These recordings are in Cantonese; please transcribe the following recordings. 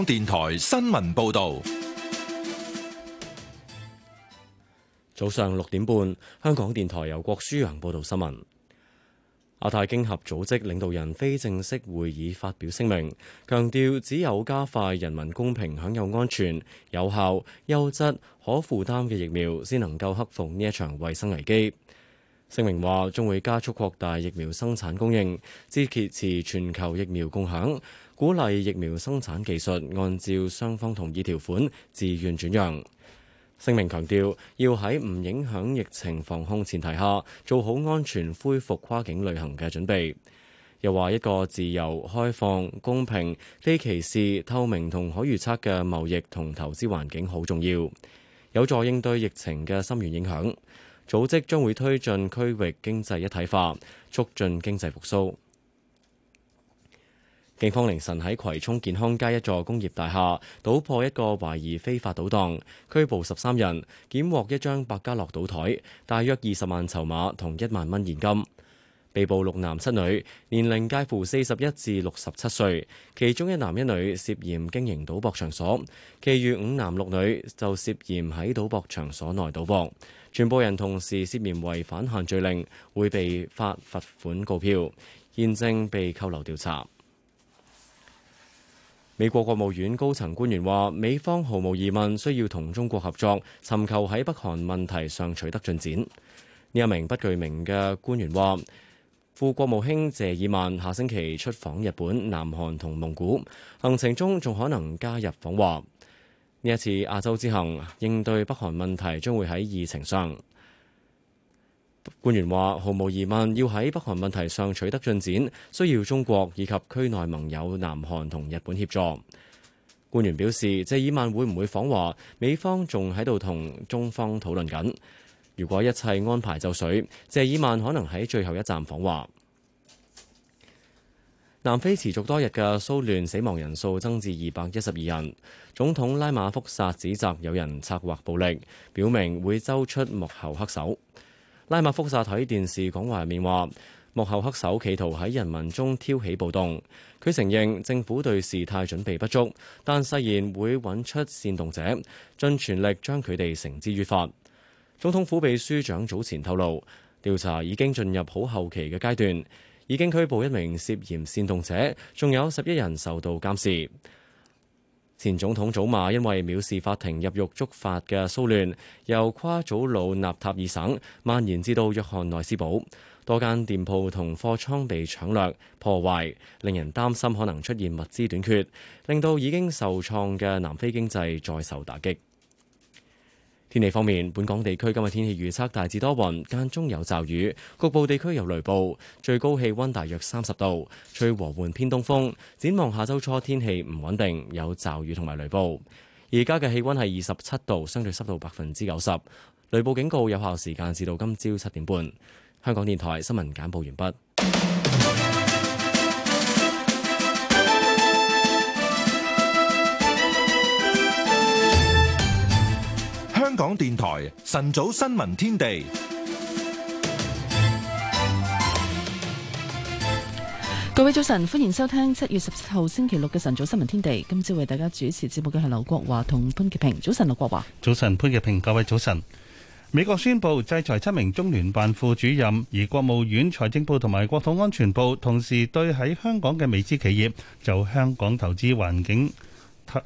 香港電台新聞報道，早上六點半，香港電台由郭書揚報道新聞。亞太經合組織領導人非正式會議發表聲明，強調只有加快人民公平享有安全、有效、優質、可負擔嘅疫苗，先能夠克服呢一場衛生危機。聲明話，將會加速擴大疫苗生產供應，支持全球疫苗共享。鼓勵疫苗生產技術按照雙方同意條款自願轉讓。聲明強調，要喺唔影響疫情防控前提下，做好安全恢復跨境旅行嘅準備。又話一個自由、開放、公平、非歧視、透明同可預測嘅貿易同投資環境好重要，有助應對疫情嘅深遠影響。組織將會推進區域經濟一體化，促進經濟復甦。警方凌晨喺葵涌健康街一座工業大廈搗破一個懷疑非法賭檔，拘捕十三人，檢獲一張百家樂賭枱，大約二十萬籌碼同一萬蚊現金。被捕六男七女，年齡介乎四十一至六十七歲，其中一男一女涉嫌經營賭博場所，其餘五男六女就涉嫌喺賭博場所內賭博。全部人同時涉嫌違反限聚令，會被發罰款告票，現正被扣留調查。美國國務院高層官員話：美方毫無疑問需要同中國合作，尋求喺北韓問題上取得進展。呢一名不具名嘅官員話：副國務卿謝爾曼下星期出訪日本、南韓同蒙古，行程中仲可能加入訪華。呢一次亞洲之行，應對北韓問題將會喺議程上。官員話：毫無疑問，要喺北韓問題上取得進展，需要中國以及區內盟友南韓同日本協助。官員表示，謝爾曼會唔會訪華？美方仲喺度同中方討論緊。如果一切安排就緒，謝爾曼可能喺最後一站訪華。南非持續多日嘅騷亂，死亡人數增至二百一十二人。總統拉馬福薩指責有人策劃暴力，表明會揪出幕後黑手。拉馬福薩喺電視講話入面話，幕後黑手企圖喺人民中挑起暴動。佢承認政府對事態準備不足，但誓言會揾出煽動者，盡全力將佢哋繩之於法。總統府秘書長早前透露，調查已經進入好後期嘅階段，已經拘捕一名涉嫌煽動者，仲有十一人受到監視。前總統祖馬因為藐視法庭入獄觸發嘅騷亂，由夸祖魯納塔爾省蔓延至到約翰內斯堡，多間店鋪同貨倉被搶掠破壞，令人擔心可能出現物資短缺，令到已經受創嘅南非經濟再受打擊。天氣方面，本港地區今日天氣預測大致多雲，間中有驟雨，局部地區有雷暴，最高氣溫大約三十度，吹和緩偏東風。展望下周初天氣唔穩定，有驟雨同埋雷暴。而家嘅氣溫係二十七度，相對濕度百分之九十，雷暴警告有效時間至到今朝七點半。香港電台新聞簡報完畢。港電台晨早新聞天地，各位早晨，歡迎收聽七月十七號星期六嘅晨早新聞天地。今朝為大家主持節目嘅係劉國華同潘潔平。早晨，劉國華。早晨，潘潔平。各位早晨。美國宣布制裁七名中聯辦副主任，而國務院、財政部同埋國土安全部同時對喺香港嘅美資企業就香港投資環境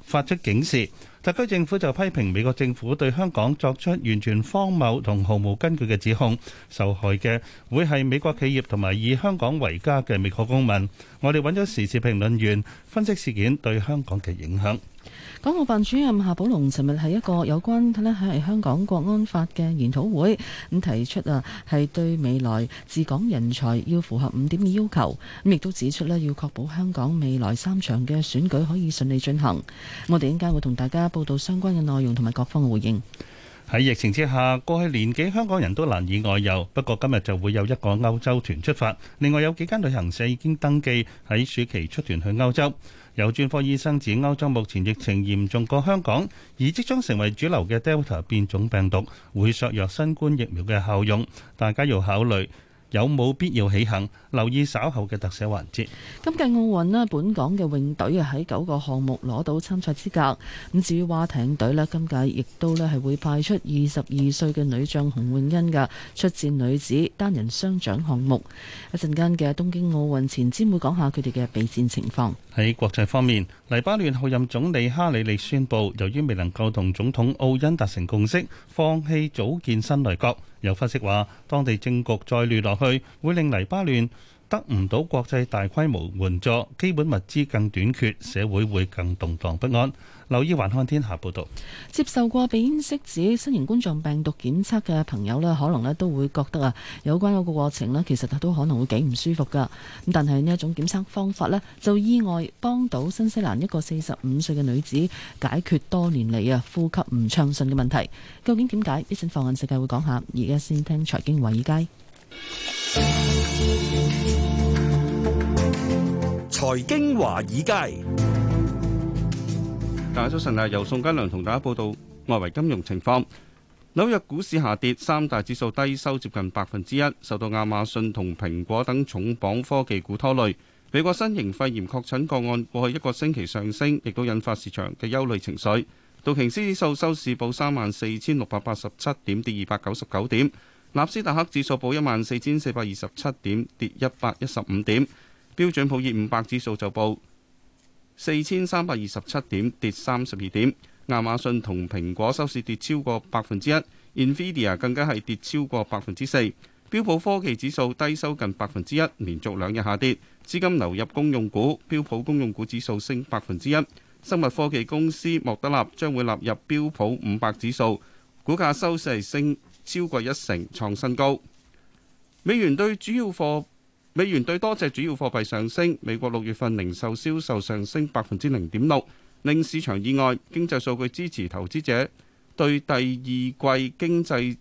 發出警示。特區政府就批評美國政府對香港作出完全荒謬同毫無根據嘅指控，受害嘅會係美國企業同埋以香港為家嘅美國公民。我哋揾咗時事評論員分析事件對香港嘅影響。港澳辦主任夏寶龍尋日喺一個有關呢係香港國安法嘅研討會，咁提出啊係對未來治港人才要符合五點嘅要求，咁亦都指出呢要確保香港未來三場嘅選舉可以順利進行。我哋應該會同大家報道相關嘅內容同埋各方嘅回應。喺疫情之下，過去年幾香港人都難以外遊，不過今日就會有一個歐洲團出發。另外有幾間旅行社已經登記喺暑期出團去歐洲。有專科醫生指，歐洲目前疫情嚴重過香港，而即將成為主流嘅 Delta 變種病毒會削弱新冠疫苗嘅效用，大家要考慮。有冇必要起行？留意稍後嘅特寫環節。今屆奧運咧，本港嘅泳隊啊喺九個項目攞到參賽資格。咁至於劃艇隊咧，今屆亦都咧係會派出二十二歲嘅女將洪詠甄噶，出戰女子單人雙槳項目。一陣間嘅東京奧運前瞻會講下佢哋嘅備戰情況。喺國際方面，黎巴嫩候任總理哈里里宣布，由於未能夠同總統奧恩達成共識，放棄組建新內閣。有分析話，當地政局再亂落去，會令黎巴嫩得唔到國際大規模援助，基本物資更短缺，社會會更動盪不安。留意環看天下報導，接受過鼻咽拭子新型冠狀病毒檢測嘅朋友呢，可能呢都會覺得啊，有關嗰個過程呢，其實都可能會幾唔舒服㗎。咁但係呢一種檢測方法呢，就意外幫到新西蘭一個四十五歲嘅女子解決多年嚟啊呼吸唔暢順嘅問題。究竟點解？一陣放眼世界會講下。而家先聽財經華爾街。財經華爾街，大家早晨啊！由宋嘉良同大家報道外圍金融情況。紐約股市下跌，三大指數低收接近百分之一，受到亞馬遜同蘋果等重磅科技股拖累。美國新型肺炎確診個案過去一個星期上升，亦都引發市場嘅憂慮情緒。道瓊斯指數收市報三萬四千六百八十七點，跌二百九十九點。納斯達克指數報一萬四千四百二十七點，跌一百一十五點。標準普爾五百指數就報四千三百二十七點，跌三十二點。亞馬遜同蘋果收市跌超過百分之一，NVIDIA 更加係跌超過百分之四。標普科技指數低收近百分之一，連續兩日下跌。資金流入公用股，標普公用股指數升百分之一。生物科技公司莫德納將會納入標普五百指數，股價收市升。超過一成創新高，美元對主要貨美元對多隻主要貨幣上升。美國六月份零售銷售,銷售上升百分之零點六，令市場意外。經濟數據支持投資者對第二季經濟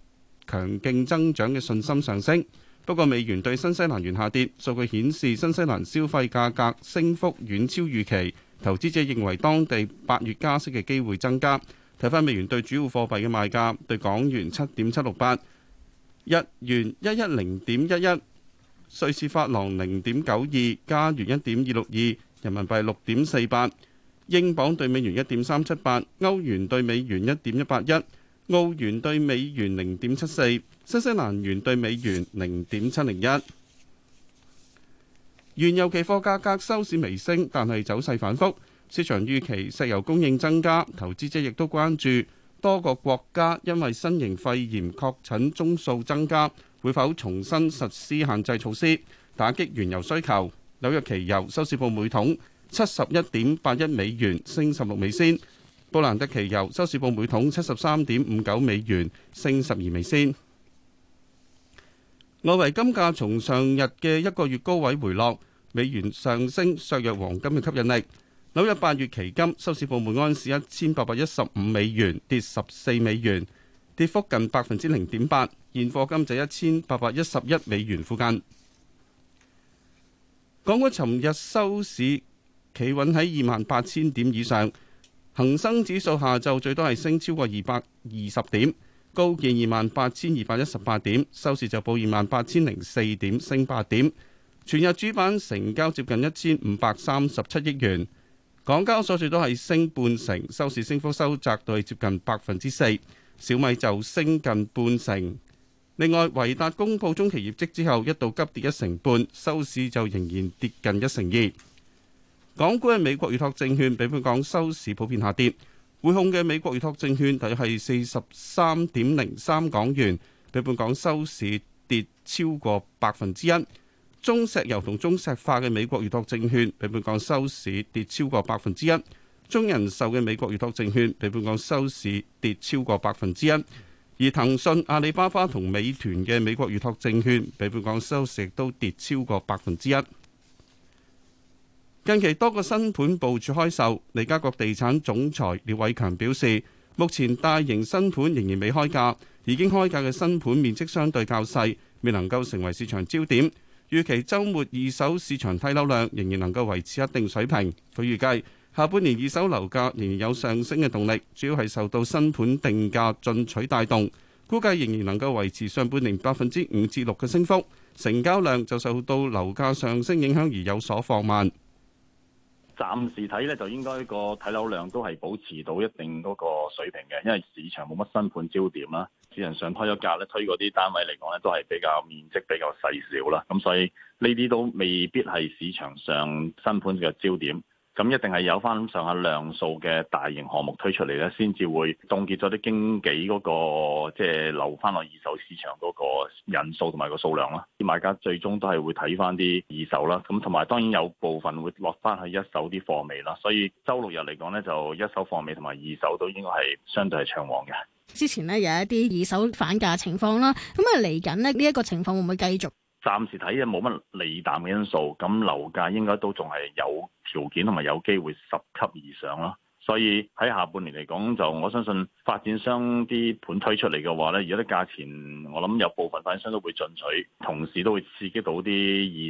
強勁增長嘅信心上升。不過美元對新西蘭元下跌，數據顯示新西蘭消費價格升幅遠超預期，投資者認為當地八月加息嘅機會增加。睇返美元對主要貨幣嘅賣價，對港元七點七六八，日元一一零點一一，瑞士法郎零點九二，加元一點二六二，人民幣六點四八，英鎊對美元一點三七八，歐元對美元一點一八一，澳元對美元零點七四，新西蘭元對美元零點七零一。原油期貨價格收市微升，但係走勢反覆。市場預期石油供應增加，投資者亦都關注多個國家因為新型肺炎確診宗數增加，會否重新實施限制措施，打擊原油需求。紐約期油收市報每桶七十一點八一美元，升十六美仙。布蘭特期油收市報每桶七十三點五九美元，升十二美仙。外圍金價從上日嘅一個月高位回落，美元上升削弱黃金嘅吸引力。紐約八月期金收市報每安士一千八百一十五美元，跌十四美元，跌幅近百分之零點八。現貨金就一千八百一十一美元附近。港股尋日收市企穩喺二萬八千點以上，恒生指數下晝最多係升超過二百二十點，高見二萬八千二百一十八點，收市就報二萬八千零四點，升八點。全日主板成交接近一千五百三十七億元。港交所住都係升半成，收市升幅收窄到接近百分之四。小米就升近半成。另外，維達公布中期業績之後，一度急跌一成半，收市就仍然跌近一成二。港股嘅美國預託證券比本港收市普遍下跌。匯控嘅美國預託證券大約係四十三點零三港元，比本港收市跌超過百分之一。中石油同中石化嘅美國預託證券比本港收市跌超過百分之一，中人壽嘅美國預託證券比本港收市跌超過百分之一，而騰訊、阿里巴巴同美團嘅美國預託證券比本港收市亦都跌超過百分之一。近期多個新盤部署開售，利嘉閣地產總裁廖偉強表示，目前大型新盤仍然未開價，已經開價嘅新盤面積相對較細，未能夠成為市場焦點。預期週末二手市場睇樓量仍然能夠維持一定水平。佢預計下半年二手樓價仍然有上升嘅動力，主要係受到新盤定價進取帶動，估計仍然能夠維持上半年百分之五至六嘅升幅。成交量就受到樓價上升影響而有所放慢。暫時睇呢，就應該個睇樓量都係保持到一定嗰個水平嘅，因為市場冇乜新盤焦點啦。市場上推咗價咧，推嗰啲單位嚟講咧，都係比較面積比較細小啦，咁所以呢啲都未必係市場上新盤嘅焦點，咁一定係有翻上下量數嘅大型項目推出嚟咧，先至會凍結咗啲經紀嗰、嗰個即係、就是、留翻落二手市場嗰個人數同埋個數量啦。啲買家最終都係會睇翻啲二手啦，咁同埋當然有部分會落翻去一手啲貨尾啦，所以週六日嚟講咧，就一手貨尾同埋二手都應該係相對係暢旺嘅。之前咧有一啲二手反價情況啦，咁啊嚟緊咧呢一個情況會唔會繼續？暫時睇啊冇乜利淡嘅因素，咁樓價應該都仲係有條件同埋有機會拾級而上咯。所以喺下半年嚟講，就我相信發展商啲盤推出嚟嘅話咧，而家啲價錢我諗有部分發展商都會進取，同時都會刺激到啲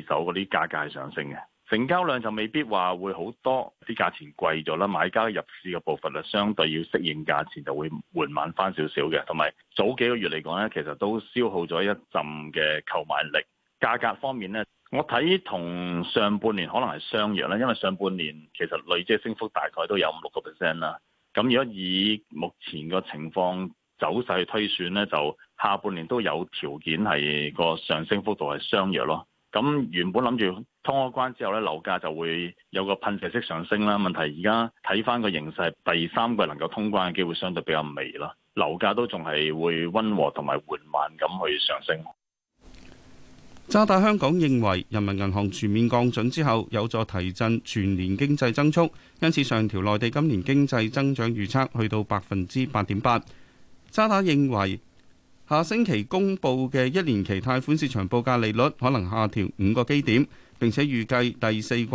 二手嗰啲價格係上升嘅。成交量就未必話會好多，啲價錢貴咗啦，買家入市嘅部分咧，相對要適應價錢就會緩慢翻少少嘅。同埋早幾個月嚟講咧，其實都消耗咗一陣嘅購買力。價格方面咧，我睇同上半年可能係相若啦，因為上半年其實累積升幅大概都有五六個 percent 啦。咁如果以目前個情況走勢推算咧，就下半年都有條件係個上升幅度係相若咯。咁原本諗住通咗關之後呢，樓價就會有個噴射式上升啦。問題而家睇翻個形勢，第三季能夠通關嘅機會相對比較微啦，樓價都仲係會溫和同埋緩慢咁去上升。渣打香港認為，人民銀行全面降準之後，有助提振全年經濟增速，因此上調內地今年經濟增長預測去到百分之八點八。渣打認為。下星期公布嘅一年期貸款市場報價利率可能下調五個基點，並且預計第四季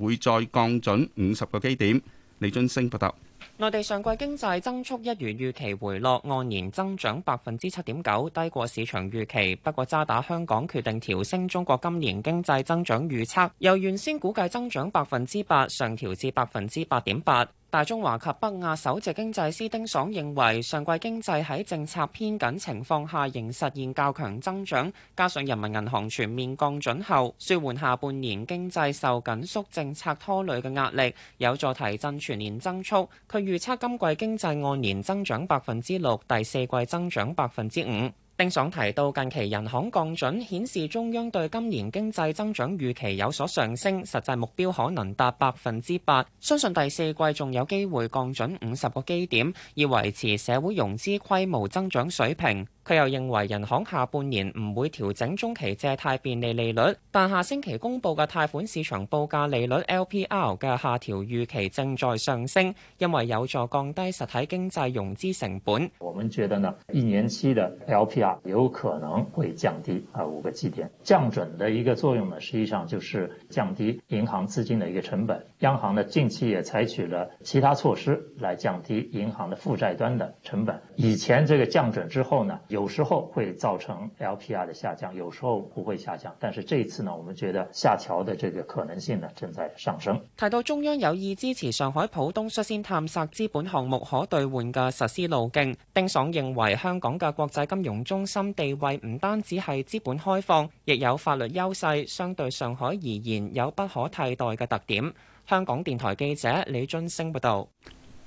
會再降準五十個基點。李津升報道，內地上季經濟增速一如預期回落，按年增長百分之七點九，低過市場預期。不過渣打香港決定調升中國今年經濟增長預測，由原先估計增長百分之八，上調至百分之八點八。大中華及北亞首席經濟師丁爽認為，上季經濟喺政策偏緊情況下仍實現較強增長，加上人民銀行全面降準後，舒緩下半年經濟受緊縮政策拖累嘅壓力，有助提振全年增速。佢預測今季經濟按年增長百分之六，第四季增長百分之五。丁爽提到，近期人行降準顯示中央對今年經濟增長預期有所上升，實際目標可能達百分之八。相信第四季仲有機會降準五十個基點，以維持社會融資規模增長水平。佢又認為人行下半年唔會調整中期借貸便利利率，但下星期公布嘅貸款市場報價利率 LPR 嘅下調預期正在上升，因為有助降低實體經濟融資成本。我們覺得呢一年期的 LPR 有可能會降低啊五個基點，降準的一個作用呢，實際上就是降低銀行資金的一個成本。央行呢近期也採取了其他措施來降低銀行的負債端的成本。以前這個降準之後呢，有時候會造成 LPR 的下降，有時候不會下降。但是這次呢，我們覺得下調的這個可能性呢正在上升。提到中央有意支持上海浦東率先探索資本項目可兌換嘅實施路徑，丁爽認為香港嘅國際金融中心地位唔單止係資本開放，亦有法律優勢，相對上海而言有不可替代嘅特點。香港電台記者李津升報道。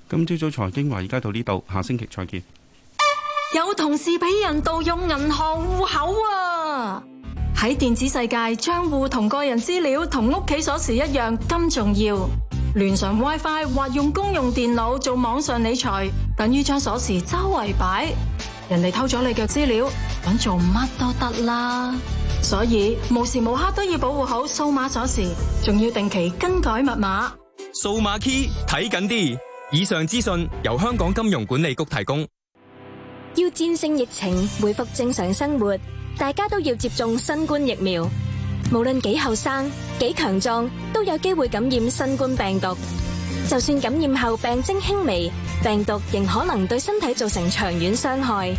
今朝早財經華爾街到呢度，下星期再見。有同事俾人盜用銀行戶口啊！喺電子世界，賬戶同個人資料同屋企鎖匙一樣咁重要！連上 wifi，或用公用電腦做網上理財,等於將鎖匙周圍擺！人哋偷咗你嘅資料，搵做乜都得啦！所以，無時無刻都要保護好數碼鎖匙,仲要定期更改密碼！數碼 key，睇緊啲！以上資訊由香港金融管理局提供！要戰勝疫情，回復正常生活，大家都要接種新冠疫苗。無論幾後生、幾強壯，都有機會感染新冠病毒。就算感染後病徵輕微，病毒仍可能對身體造成長遠傷害。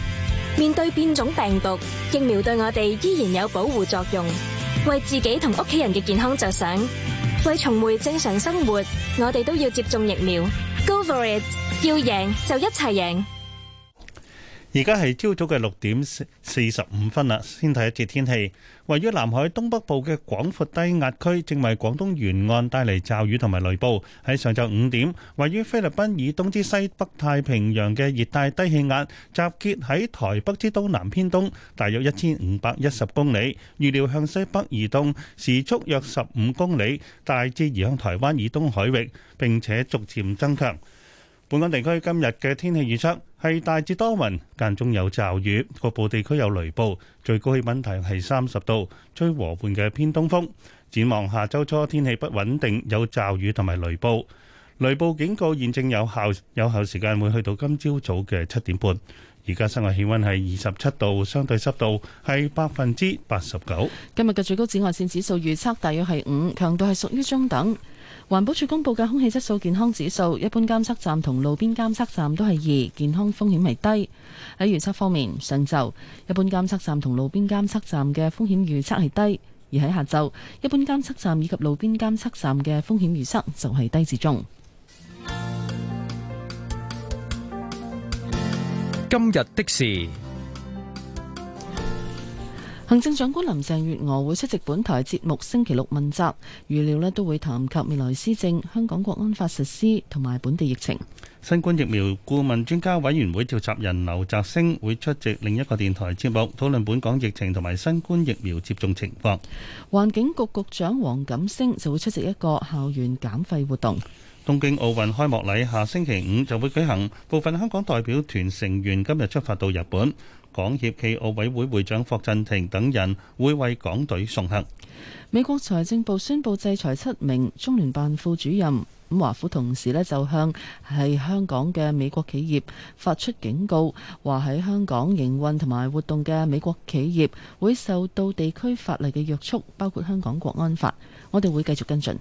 面對變種病毒，疫苗對我哋依然有保護作用。為自己同屋企人嘅健康着想，為重回正常生活，我哋都要接種疫苗。Go for it！要贏就一齊贏。而家係朝早嘅六點四四十五分啦，先睇一節天氣。位於南海東北部嘅廣闊低壓區，正為廣東沿岸帶嚟驟雨同埋雷暴。喺上晝五點，位於菲律賓以東之西北太平洋嘅熱帶低氣壓，集結喺台北之東南偏東，大約一千五百一十公里，預料向西北移動，時速約十五公里，大致移向台灣以東海域，並且逐漸增強。本港地區今日嘅天氣預測。係大致多雲，間中有驟雨，局部地區有雷暴。最高氣溫係三十度，吹和緩嘅偏東風。展望下周初天氣不穩定，有驟雨同埋雷暴。雷暴警告現正有效，有效時間會去到今朝早嘅七點半。而家室外氣溫係二十七度，相對濕度係百分之八十九。今日嘅最高紫外線指數預測大約係五，強度係屬於中等。環保署公布嘅空氣質素健康指數，一般監測站同路邊監測站都係二，健康風險為低。喺預測方面，上晝一般監測站同路邊監測站嘅風險預測係低，而喺下晝一般監測站以及路邊監測站嘅風險預測就係低至中。今日的事。行政長官林鄭月娥會出席本台節目星期六問責，預料咧都會談及未來施政、香港國安法實施同埋本地疫情。新冠疫苗顧問專家委員會召集人劉澤星會出席另一個電台節目，討論本港疫情同埋新冠疫苗接種情況。環境局局長黃錦星就會出席一個校園減廢活動。東京奧運開幕禮下星期五就會舉行，部分香港代表團成員今日出發到日本。港協暨奧委會會長霍震霆等人會為港隊送行。美國財政部宣佈制裁七名中聯辦副主任，咁華府同時呢就向喺香港嘅美國企業發出警告，話喺香港營運同埋活動嘅美國企業會受到地區法例嘅約束，包括香港國安法。我哋會繼續跟進。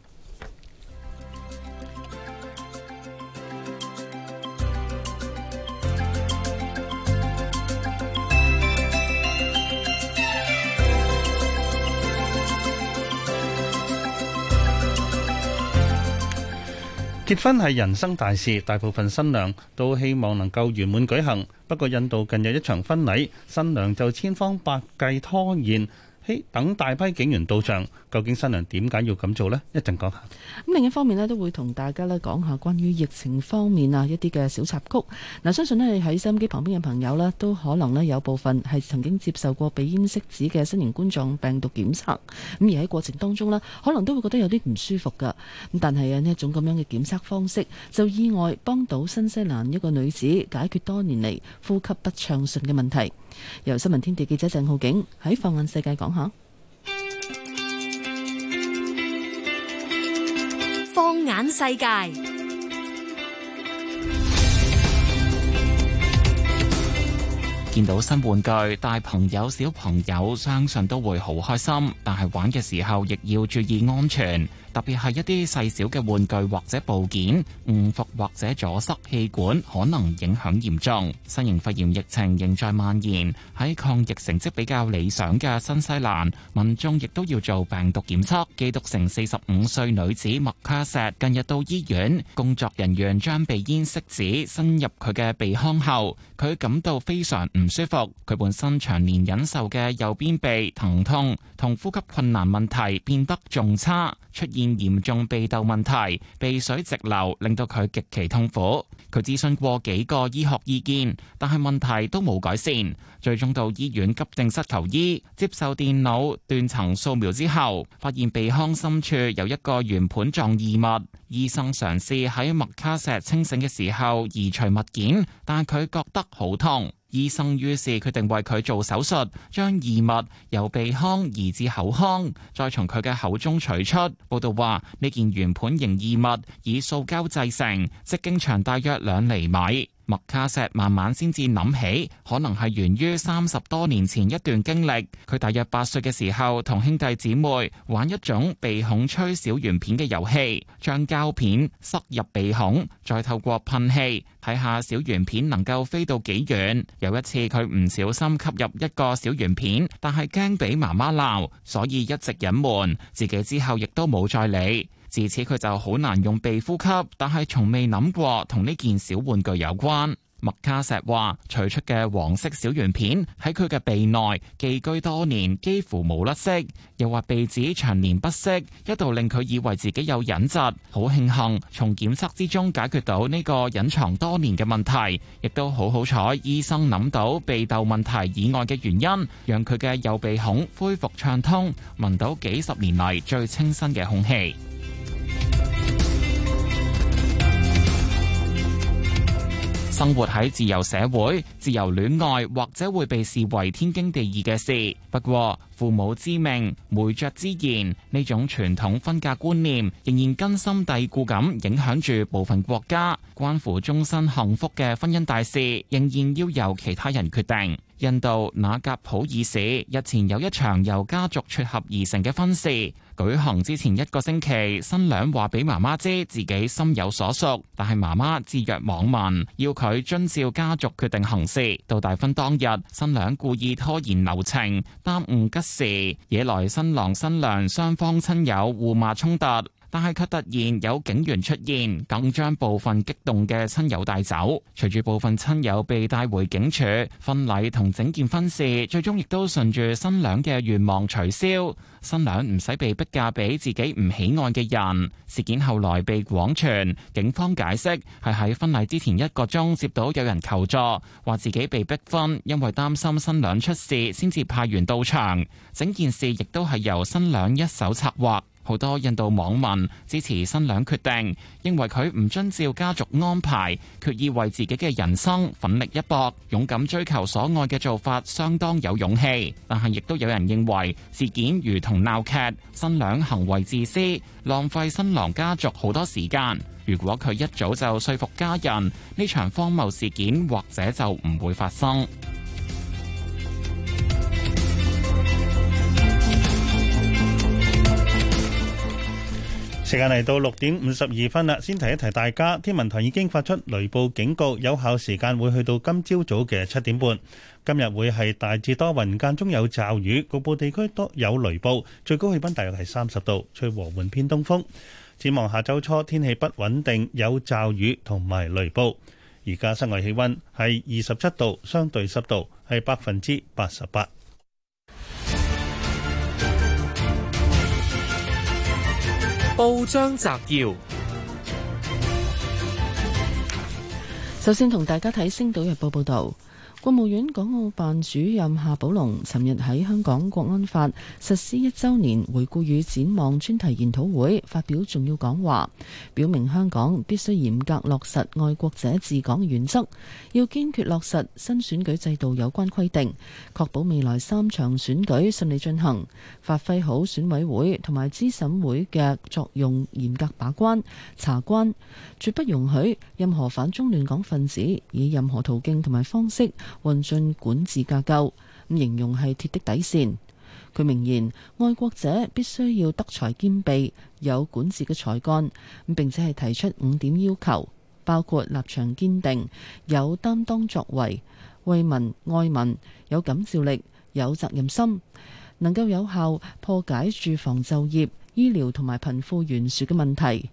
結婚係人生大事，大部分新娘都希望能夠圓滿舉行。不過印度近日有一場婚禮，新娘就千方百計拖延。Hey, 等大批警員到場，究竟新娘點解要咁做呢？講一陣講下。咁另一方面咧，都會同大家咧講下關於疫情方面啊一啲嘅小插曲。嗱，相信咧你喺收音機旁邊嘅朋友呢，都可能咧有部分係曾經接受過鼻咽拭子嘅新型冠狀病毒檢測。咁而喺過程當中呢，可能都會覺得有啲唔舒服噶。咁但係啊呢一種咁樣嘅檢測方式，就意外幫到新西蘭一個女子解決多年嚟呼吸不暢順嘅問題。由新聞天地記者鄭浩景喺放眼世界講下。放眼世界。見到新玩具，大朋友、小朋友相信都會好開心，但係玩嘅時候亦要注意安全。特別係一啲細小嘅玩具或者部件，誤服或者阻塞氣管，可能影響嚴重。新型肺炎疫情仍在蔓延，喺抗疫成績比較理想嘅新西蘭，民眾亦都要做病毒檢測。基督城四十五歲女子麥卡錫近日到醫院，工作人員將鼻咽拭子伸入佢嘅鼻腔後，佢感到非常唔舒服。佢本身長年忍受嘅右邊鼻疼痛同呼吸困難問題變得仲差，出現。嚴重鼻竇問題，鼻水直流，令到佢極其痛苦。佢諮詢過幾個醫學意見，但係問題都冇改善，最終到醫院急症室求醫。接受電腦斷層掃描之後，發現鼻腔深處有一個圓盤狀異物。醫生嘗試喺麥卡錫清醒嘅時候移除物件，但佢覺得好痛。醫生於是決定為佢做手術，將異物由鼻腔移至口腔，再從佢嘅口中取出。報道話，呢件圓盤型異物以塑膠製成，直徑長大約兩厘米。麥卡錫慢慢先至諗起，可能係源於三十多年前一段經歷。佢大約八歲嘅時候，同兄弟姊妹玩一種鼻孔吹小圓片嘅遊戲，將膠片塞入鼻孔，再透過噴氣睇下小圓片能夠飛到幾遠。有一次佢唔小心吸入一個小圓片，但係驚俾媽媽鬧，所以一直隱瞞，自己之後亦都冇再理。自此佢就好難用鼻呼吸，但係從未諗過同呢件小玩具有關。麥卡錫話：取出嘅黃色小圓片喺佢嘅鼻內寄居多年，幾乎冇甩色，又話鼻子長年不適，一度令佢以為自己有隱疾。好慶幸從檢測之中解決到呢個隱藏多年嘅問題，亦都好好彩。醫生諗到鼻竇問題以外嘅原因，讓佢嘅右鼻孔恢復暢通，聞到幾十年嚟最清新嘅空氣。生活喺自由社會，自由戀愛或者會被視為天經地義嘅事。不過，父母之命、媒妁之言呢種傳統婚嫁觀念仍然根深蒂固，咁影響住部分國家，關乎終身幸福嘅婚姻大事，仍然要由其他人決定。印度那格普爾市日前有一場由家族撮合而成嘅婚事，舉行之前一個星期，新娘話俾媽媽知自己心有所屬，但係媽媽置若罔聞，要佢遵照家族決定行事。到大婚當日，新娘故意拖延流程，耽誤吉時，惹來新郎新娘雙方親友互罵衝突。但係卻突然有警員出現，更將部分激動嘅親友帶走。隨住部分親友被帶回警署，婚禮同整件婚事最終亦都順住新娘嘅願望取消，新娘唔使被逼嫁俾自己唔喜愛嘅人。事件後來被廣傳，警方解釋係喺婚禮之前一個鐘接到有人求助，話自己被逼婚，因為擔心新娘出事，先至派員到場。整件事亦都係由新娘一手策劃。好多印度網民支持新娘決定，認為佢唔遵照家族安排，決意為自己嘅人生奮力一搏，勇敢追求所愛嘅做法相當有勇氣。但係亦都有人認為事件如同鬧劇，新娘行為自私，浪費新郎家族好多時間。如果佢一早就說服家人，呢場荒謬事件或者就唔會發生。時間嚟到六點五十二分啦，先提一提大家，天文台已經發出雷暴警告，有效時間會去到今朝早嘅七點半。今日會係大致多雲，間中有驟雨，局部地區多有雷暴，最高氣温大約係三十度，吹和緩偏東風。展望下周初，天氣不穩定，有驟雨同埋雷暴。而家室外氣温係二十七度，相對濕度係百分之八十八。報章摘要，首先同大家睇《星島日報》報道。國務院港澳辦主任夏寶龍尋日喺香港國安法實施一週年回顧與展望專題研討會發表重要講話，表明香港必須嚴格落實愛國者治港原則，要堅決落實新選舉制度有關規定，確保未來三場選舉順利進行，發揮好選委會同埋資審會嘅作用，嚴格把關查關，絕不容許任何反中亂港分子以任何途徑同埋方式，運進管治架構，咁形容係鐵的底線。佢明言，愛國者必須要德才兼備，有管治嘅才幹咁。並且係提出五點要求，包括立場堅定、有擔當作為、為民愛民、有感召力、有責任心，能夠有效破解住房就業、醫療同埋貧富懸殊嘅問題，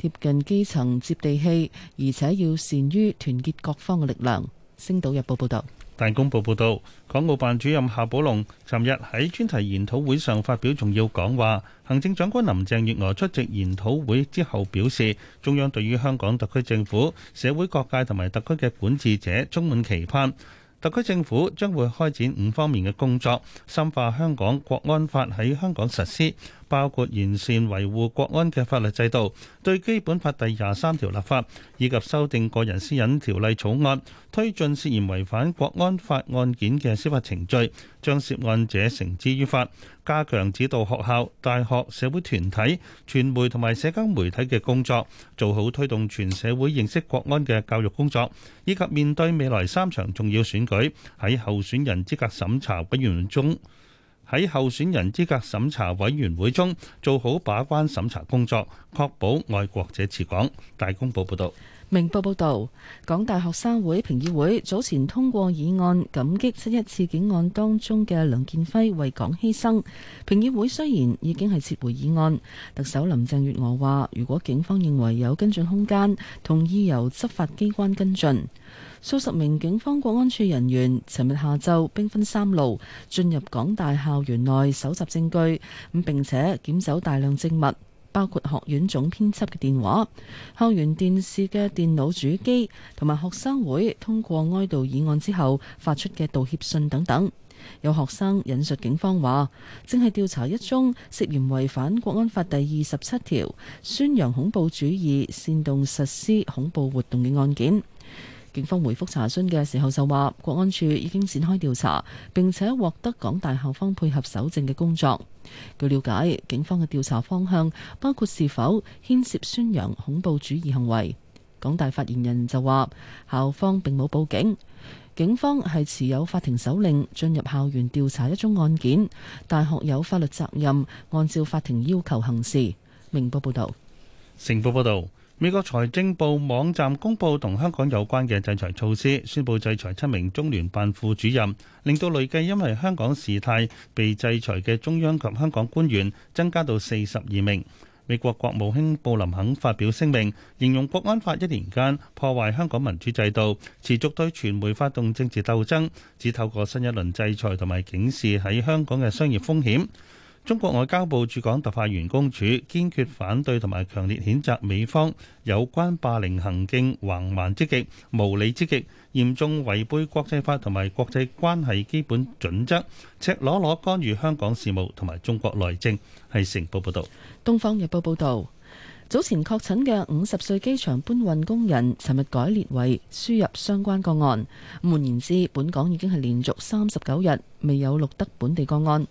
貼近基層接地氣，而且要善於團結各方嘅力量。星島日報報道，大公報報道，港澳辦主任夏寶龍尋日喺專題研討會上發表重要講話。行政長官林鄭月娥出席研討會之後表示，中央對於香港特區政府、社會各界同埋特區嘅管治者充滿期盼。特區政府將會開展五方面嘅工作，深化香港國安法喺香港實施。包括完善維護國安嘅法律制度，對《基本法》第廿三條立法，以及修訂個人私隱條例草案，推進涉嫌違反國安法案件嘅司法程序，將涉案者繩之於法；加強指導學校、大學、社會團體、傳媒同埋社交媒體嘅工作，做好推動全社會認識國安嘅教育工作，以及面對未來三場重要選舉喺候選人資格審查階段中。喺候選人資格審查委員會中做好把關審查工作，確保愛國者治港。大公報報道，明報報道，港大學生會評議會早前通過議案感激七一刺警案當中嘅梁建輝為港犧牲。評議會雖然已經係撤回議案，特首林鄭月娥話：如果警方認為有跟進空間，同意由執法機關跟進。數十名警方國安處人員尋日下晝兵分三路進入港大校園內搜集證據，咁並且檢走大量證物，包括學院總編輯嘅電話、校園電視嘅電腦主機，同埋學生會通過哀悼議案之後發出嘅道歉信等等。有學生引述警方話，正係調查一宗涉嫌違反國安法第二十七條宣揚恐怖主義、煽動實施恐怖活動嘅案件。警方回覆查詢嘅時候就話，國安處已經展開調查，並且獲得港大校方配合搜證嘅工作。據了解，警方嘅調查方向包括是否牽涉宣揚恐怖主義行為。港大發言人就話，校方並冇報警，警方係持有法庭手令進入校園調查一宗案件，大學有法律責任，按照法庭要求行事。明報報道，成報報道。美國財政部網站公布同香港有關嘅制裁措施，宣布制裁七名中聯辦副主任，令到累計因為香港事態被制裁嘅中央及香港官員增加到四十二名。美國國務卿布林肯發表聲明，形容國安法一年間破壞香港民主制度，持續對傳媒發動政治鬥爭，只透過新一輪制裁同埋警示喺香港嘅商業風險。中國外交部駐港特派員公署堅決反對同埋強烈譴責美方有關霸凌行徑，橫蠻之極、無理之極，嚴重違背國際法同埋國際關係基本準則，赤裸裸干預香港事務同埋中國內政。係成報報道，東方日報報道，早前確診嘅五十歲機場搬運工人，尋日改列為輸入相關個案。咁換言之，本港已經係連續三十九日未有錄得本地個案。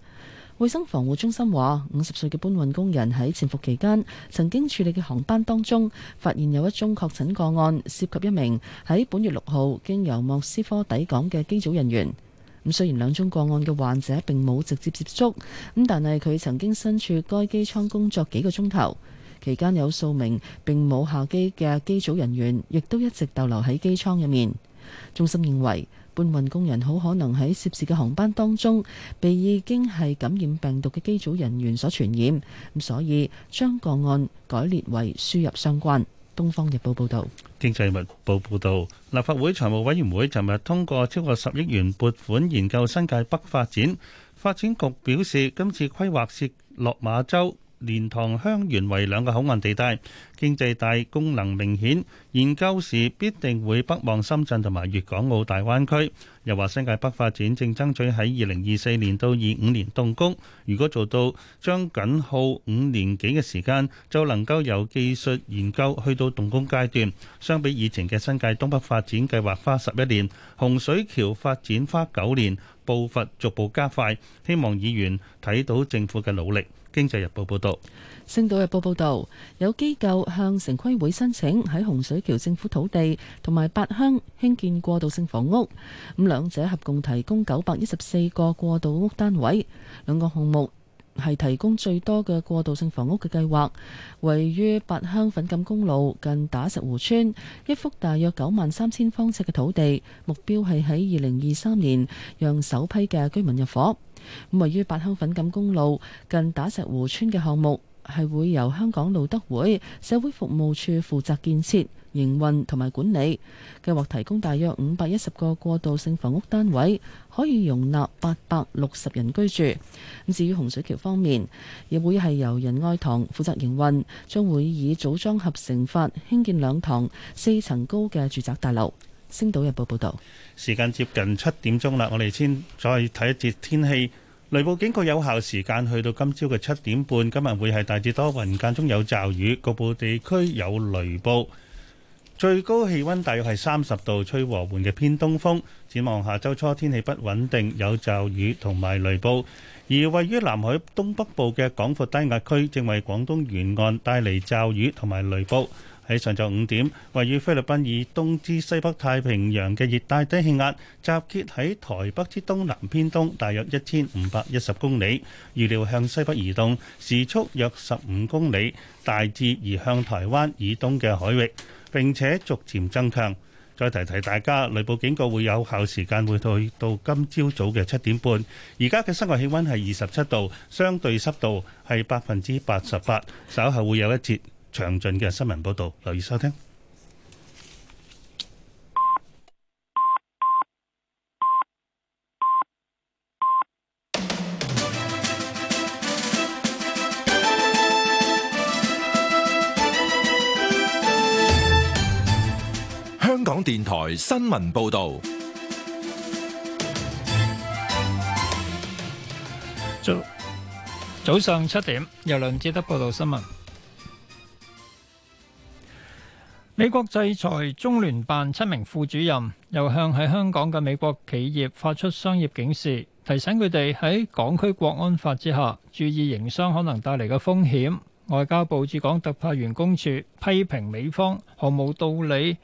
衛生防護中心話，五十歲嘅搬運工人喺潛伏期間曾經處理嘅航班當中，發現有一宗確診個案，涉及一名喺本月六號經由莫斯科抵港嘅機組人員。咁雖然兩宗個案嘅患者並冇直接接觸，咁但係佢曾經身處該機艙工作幾個鐘頭，期間有數名並冇下機嘅機組人員亦都一直逗留喺機艙入面。中心認為，搬運工人好可能喺涉事嘅航班當中，被已經係感染病毒嘅機組人員所傳染，咁所以將個案改列為輸入相關。《東方日報》報導，《經濟日報》報導，立法會財務委員會尋日通過超過十億元撥款研究新界北發展。發展局表示，今次規劃涉落馬洲。蓮塘香園圍兩個口岸地帶，經濟大功能明顯，研究時必定會北望深圳同埋粵港澳大灣區。又話新界北發展正爭取喺二零二四年到二五年動工。如果做到將，將僅耗五年幾嘅時間就能夠由技術研究去到動工階段，相比以前嘅新界東北發展計劃花十一年，洪水橋發展花九年，步伐逐步加快，希望議員睇到政府嘅努力。星島日報報道，星島日報報道，有機構向城規會申請喺洪水橋政府土地同埋八鄉興建過渡性房屋，咁兩者合共提供九百一十四個過渡屋單位，兩個項目。係提供最多嘅過渡性房屋嘅計劃，位於八鄉粉錦公路近打石湖村一幅大約九萬三千方尺嘅土地，目標係喺二零二三年讓首批嘅居民入伙。咁位於八鄉粉錦公路近打石湖村嘅項目。係會由香港路德會社會服務處負責建設、營運同埋管理，計劃提供大約五百一十個過渡性房屋單位，可以容納八百六十人居住。至於洪水橋方面，亦會係由仁愛堂負責營運，將會以組裝合成法興建兩堂四層高嘅住宅大樓。星島日報報道，時間接近七點鐘啦，我哋先再睇一節天氣。雷暴警告有效時間去到今朝嘅七點半，今日會係大致多雲間中有驟雨，局部地區有雷暴。最高氣溫大約係三十度，吹和緩嘅偏東風，展望下周初天氣不穩定，有驟雨同埋雷暴。而位於南海東北部嘅廣闊低壓區正為廣東沿岸帶嚟驟雨同埋雷暴。喺上晝五點，位於菲律賓以東至西北太平洋嘅熱帶低氣壓，集結喺台北之東南偏東大約一千五百一十公里，預料向西北移動，時速約十五公里，大致移向台灣以東嘅海域，並且逐漸增強。再提提大家，雷暴警告會有效時間會去到今朝早嘅七點半。而家嘅室外氣溫係二十七度，相對濕度係百分之八十八，稍後會有一節。詳盡嘅新聞報道，留意收聽。香港電台新聞報道。早早上七點，由梁志德報道新聞。美國制裁中聯辦七名副主任，又向喺香港嘅美國企業發出商業警示，提醒佢哋喺港區國安法之下，注意營商可能帶嚟嘅風險。外交部駐港特派員公署批評美方毫無道理、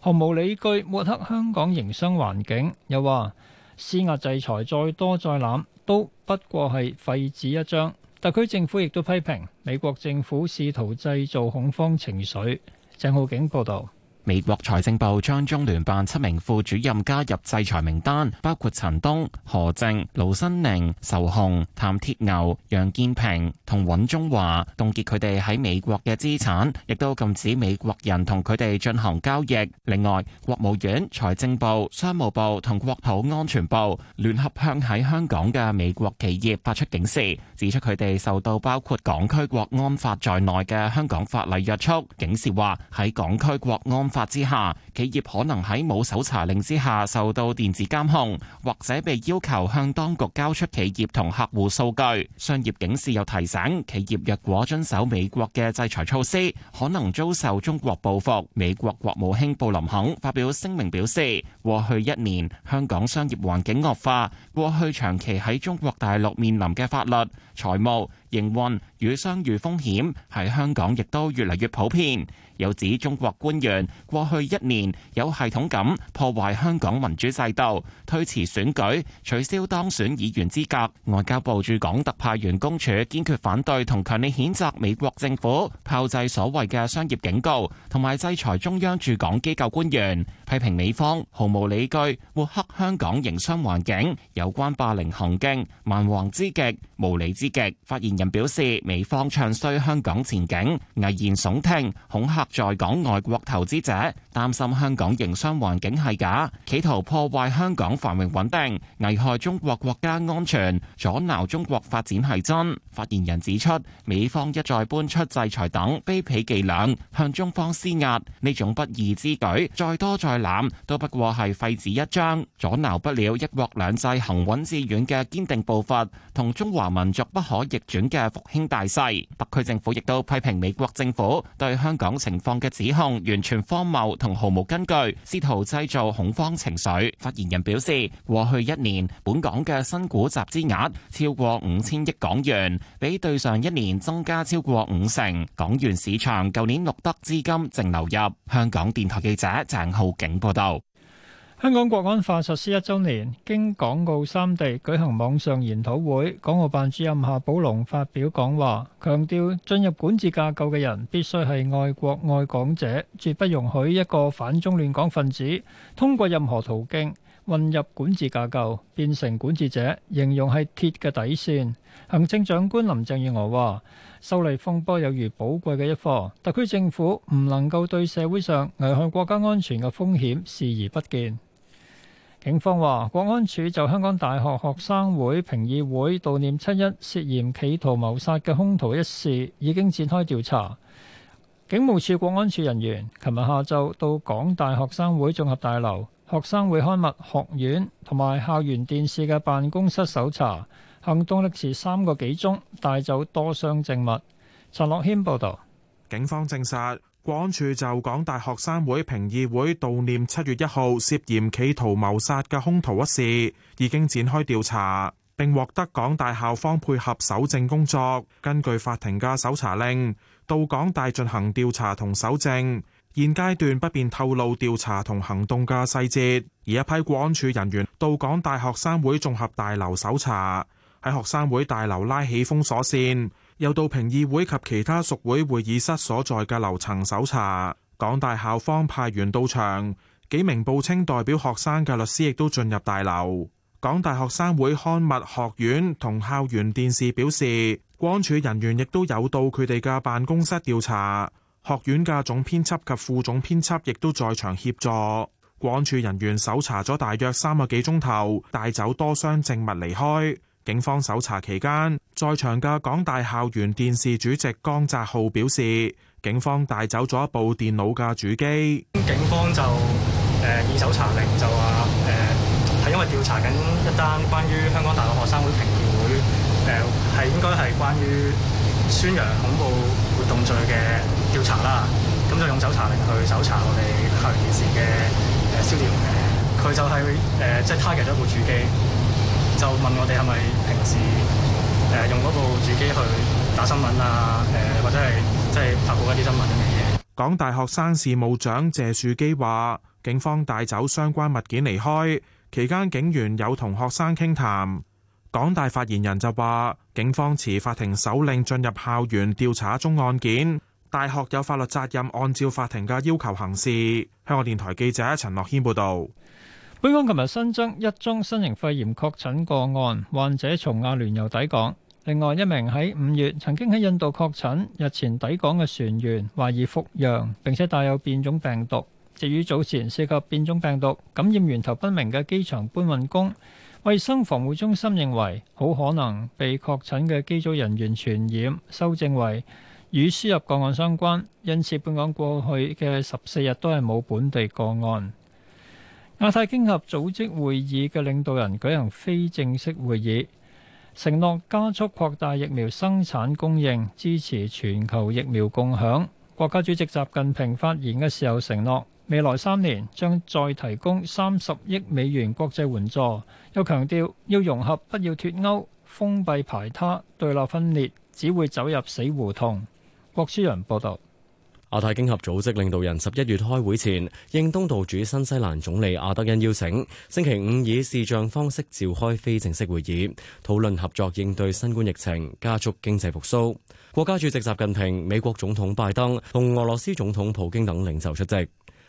毫無理據抹黑香港營商環境，又話施壓制裁再多再濫都不過係廢紙一張。特區政府亦都批評美國政府試圖製造恐慌情緒。鄭浩景報道。美國財政部將中聯辦七名副主任加入制裁名單，包括陳東、何靖、盧新寧、仇鴻、譚鐵牛、楊建平同尹中華，凍結佢哋喺美國嘅資產，亦都禁止美國人同佢哋進行交易。另外，國務院、財政部、商務部同國土安全部聯合向喺香港嘅美國企業發出警示，指出佢哋受到包括港區國安法在內嘅香港法例約束。警示話喺港區國安法之下，企業可能喺冇搜查令之下受到電子監控，或者被要求向當局交出企業同客戶數據。商業警示又提醒企業若果遵守美國嘅制裁措施，可能遭受中國報復。美國國務卿布林肯發表聲明表示，過去一年香港商業環境惡化，過去長期喺中國大陸面臨嘅法律、財務、營運與商譽風險喺香港亦都越嚟越普遍。有指中國官員過去一年有系統咁破壞香港民主制度，推遲選舉，取消當選議員資格。外交部駐港特派員公署堅決反對同強烈譴責美國政府炮製所謂嘅商業警告，同埋制裁中央駐港機構官員，批評美方毫無理據，抹黑香港營商環境，有關霸凌行徑，蠻橫之極，無理之極。發言人表示，美方唱衰香港前景，危言聳聽，恐嚇在港外國投資者擔心香港營商環境係假，企圖破壞香港繁榮穩定、危害中國國家安全、阻撓中國發展係真。發言人指出，美方一再搬出制裁等卑鄙伎倆向中方施壓，呢種不義之舉再多再濫都不過係廢紙一張，阻撓不了一國兩制行穩致遠嘅堅定步伐，同中華民族不可逆轉嘅復興大勢。特區政府亦都批評美國政府對香港情。情況嘅指控完全荒謬同毫無根據，試圖製造恐慌情緒。發言人表示，過去一年本港嘅新股集資額超過五千億港元，比對上一年增加超過五成。港元市場舊年錄得資金淨流入。香港電台記者鄭浩景報道。香港國安法實施一周年，經港澳三地舉行網上研討會。港澳辦主任夏寶龍發表講話，強調進入管治架構嘅人必須係愛國愛港者，絕不容許一個反中亂港分子通過任何途徑混入管治架構，變成管治者。形容係鐵嘅底線。行政長官林鄭月娥話，修例風波有如寶貴嘅一課，特區政府唔能夠對社會上危害國家安全嘅風險視而不見。警方話，國安處就香港大學學生會評議會悼念七一涉嫌企圖謀殺嘅兇徒一事，已經展開調查。警務處國安處人員琴日下晝到港大學生會綜合大樓、學生會刊物學院同埋校園電視嘅辦公室搜查，行動歷時三個幾鐘，帶走多箱證物。陳樂謙報導，警方證實，國安處就港大學生會評議會悼念七月一號涉嫌企圖謀殺嘅兇徒一事，已經展開調查，並獲得港大校方配合搜證工作。根據法庭嘅搜查令，到港大進行調查同搜證，現階段不便透露調查同行動嘅細節。而一批國安處人員到港大學生會綜合大樓搜查，喺學生會大樓拉起封鎖線。又到評議會及其他屬會會議室所在嘅樓層搜查，港大校方派員到場，幾名報稱代表學生嘅律師亦都進入大樓。港大學生會刊物學院同校園電視表示，光處人員亦都有到佢哋嘅辦公室調查，學院嘅總編輯及副總編輯亦都在場協助。光處人員搜查咗大約三個幾鐘頭，帶走多箱證物離開。警方搜查期間，在場嘅港大校園電視主席江澤浩表示，警方帶走咗一部電腦嘅主機。警方就誒、呃、以搜查令就話誒係因為調查緊一單關於香港大學學生會評議會誒係、呃、應該係關於宣揚恐怖活動罪嘅調查啦，咁就用搜查令去搜查我哋校園電視嘅資料，佢、呃、就係、是、誒即、呃、係、就是、target 咗一部主機。就問我哋係咪平時誒用嗰部主機去打新聞啊？誒或者係即係發布一啲新聞咁嘅嘢。港大學生事務長謝樹基話：警方帶走相關物件離開，期間警員有同學生傾談，談。港大發言人就話：警方持法庭手令進入校園調查一宗案件，大學有法律責任按照法庭嘅要求行事。香港電台記者陳樂軒報導。本港琴日新增一宗新型肺炎確診個案，患者從阿聯酋抵港。另外一名喺五月曾經喺印度確診、日前抵港嘅船員懷疑復陽，並且帶有變種病毒。至於早前涉及變種病毒感染源頭不明嘅機場搬運工，衛生防護中心認為好可能被確診嘅機組人員傳染，修正為與輸入個案相關，因此，本港過去嘅十四日都係冇本地個案。亞太經合組織會議嘅領導人舉行非正式會議，承諾加速擴大疫苗生產供應，支持全球疫苗共享。國家主席習近平發言嘅時候承諾，未來三年將再提供三十億美元國際援助，又強調要融合，不要脫鉤、封閉排他、對立分裂，只會走入死胡同。郭書人報道。亞太經合組織領導人十一月開會前，應東道主新西蘭總理阿德恩邀請，星期五以視像方式召開非正式會議，討論合作應對新冠疫情、加速經濟復甦。國家主席習近平、美國總統拜登同俄羅斯總統普京等領袖出席。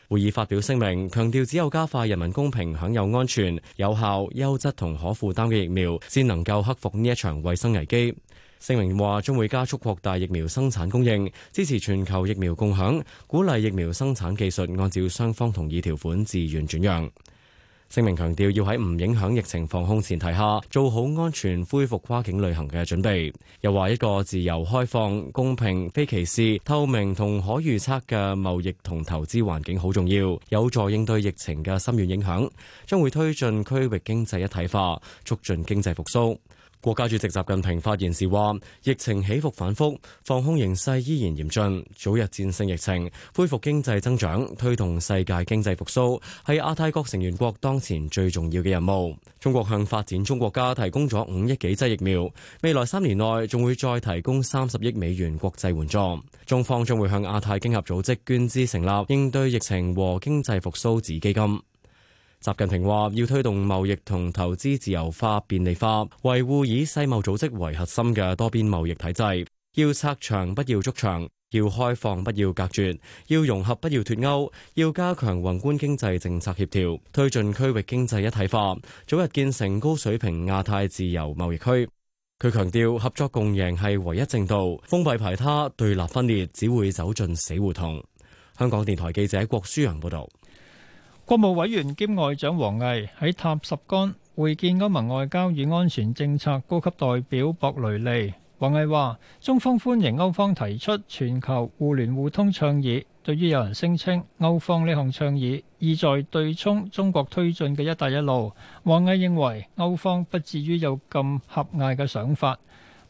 會議發表聲明，強調只有加快人民公平、享有安全、有效、優質同可負擔嘅疫苗，先能夠克服呢一場衛生危機。聲明話將會加速擴大疫苗生產供應，支持全球疫苗共享，鼓勵疫苗生產技術按照雙方同意條款自願轉讓。聲明強調要喺唔影響疫情防控前提下，做好安全恢復跨境旅行嘅準備。又話一個自由、開放、公平、非歧視、透明同可預測嘅貿易同投資環境好重要，有助應對疫情嘅深遠影響，將會推進區域經濟一體化，促進經濟復甦。國家主席習近平發言時話，疫情起伏反覆，防控形勢依然嚴峻，早日戰勝疫情，恢復經濟增長，推動世界經濟復甦，係亞太各成員國當前最重要嘅任務。中國向發展中國家提供咗五億幾劑疫苗，未來三年內仲會再提供三十億美元國際援助。中方將會向亞太經合組織捐資成立應對疫情和經濟復甦子基金。習近平話：要推動貿易同投資自由化便利化，維護以世貿組織為核心嘅多邊貿易體制；要拆牆不要築牆，要開放不要隔絕，要融合不要脱鈎，要加強宏觀經濟政策協調，推進區域經濟一體化，早日建成高水平亞太自由貿易區。佢強調，合作共贏係唯一正道，封閉排他、對立分裂只會走進死胡同。香港電台記者郭書陽報道。國務委員兼外長王毅喺塔什干會見歐盟外交與安全政策高級代表博雷利。王毅話：中方歡迎歐方提出全球互聯互通倡議。對於有人聲稱歐方呢項倡議意在對沖中國推進嘅一帶一路，王毅認為歐方不至於有咁狹隘嘅想法。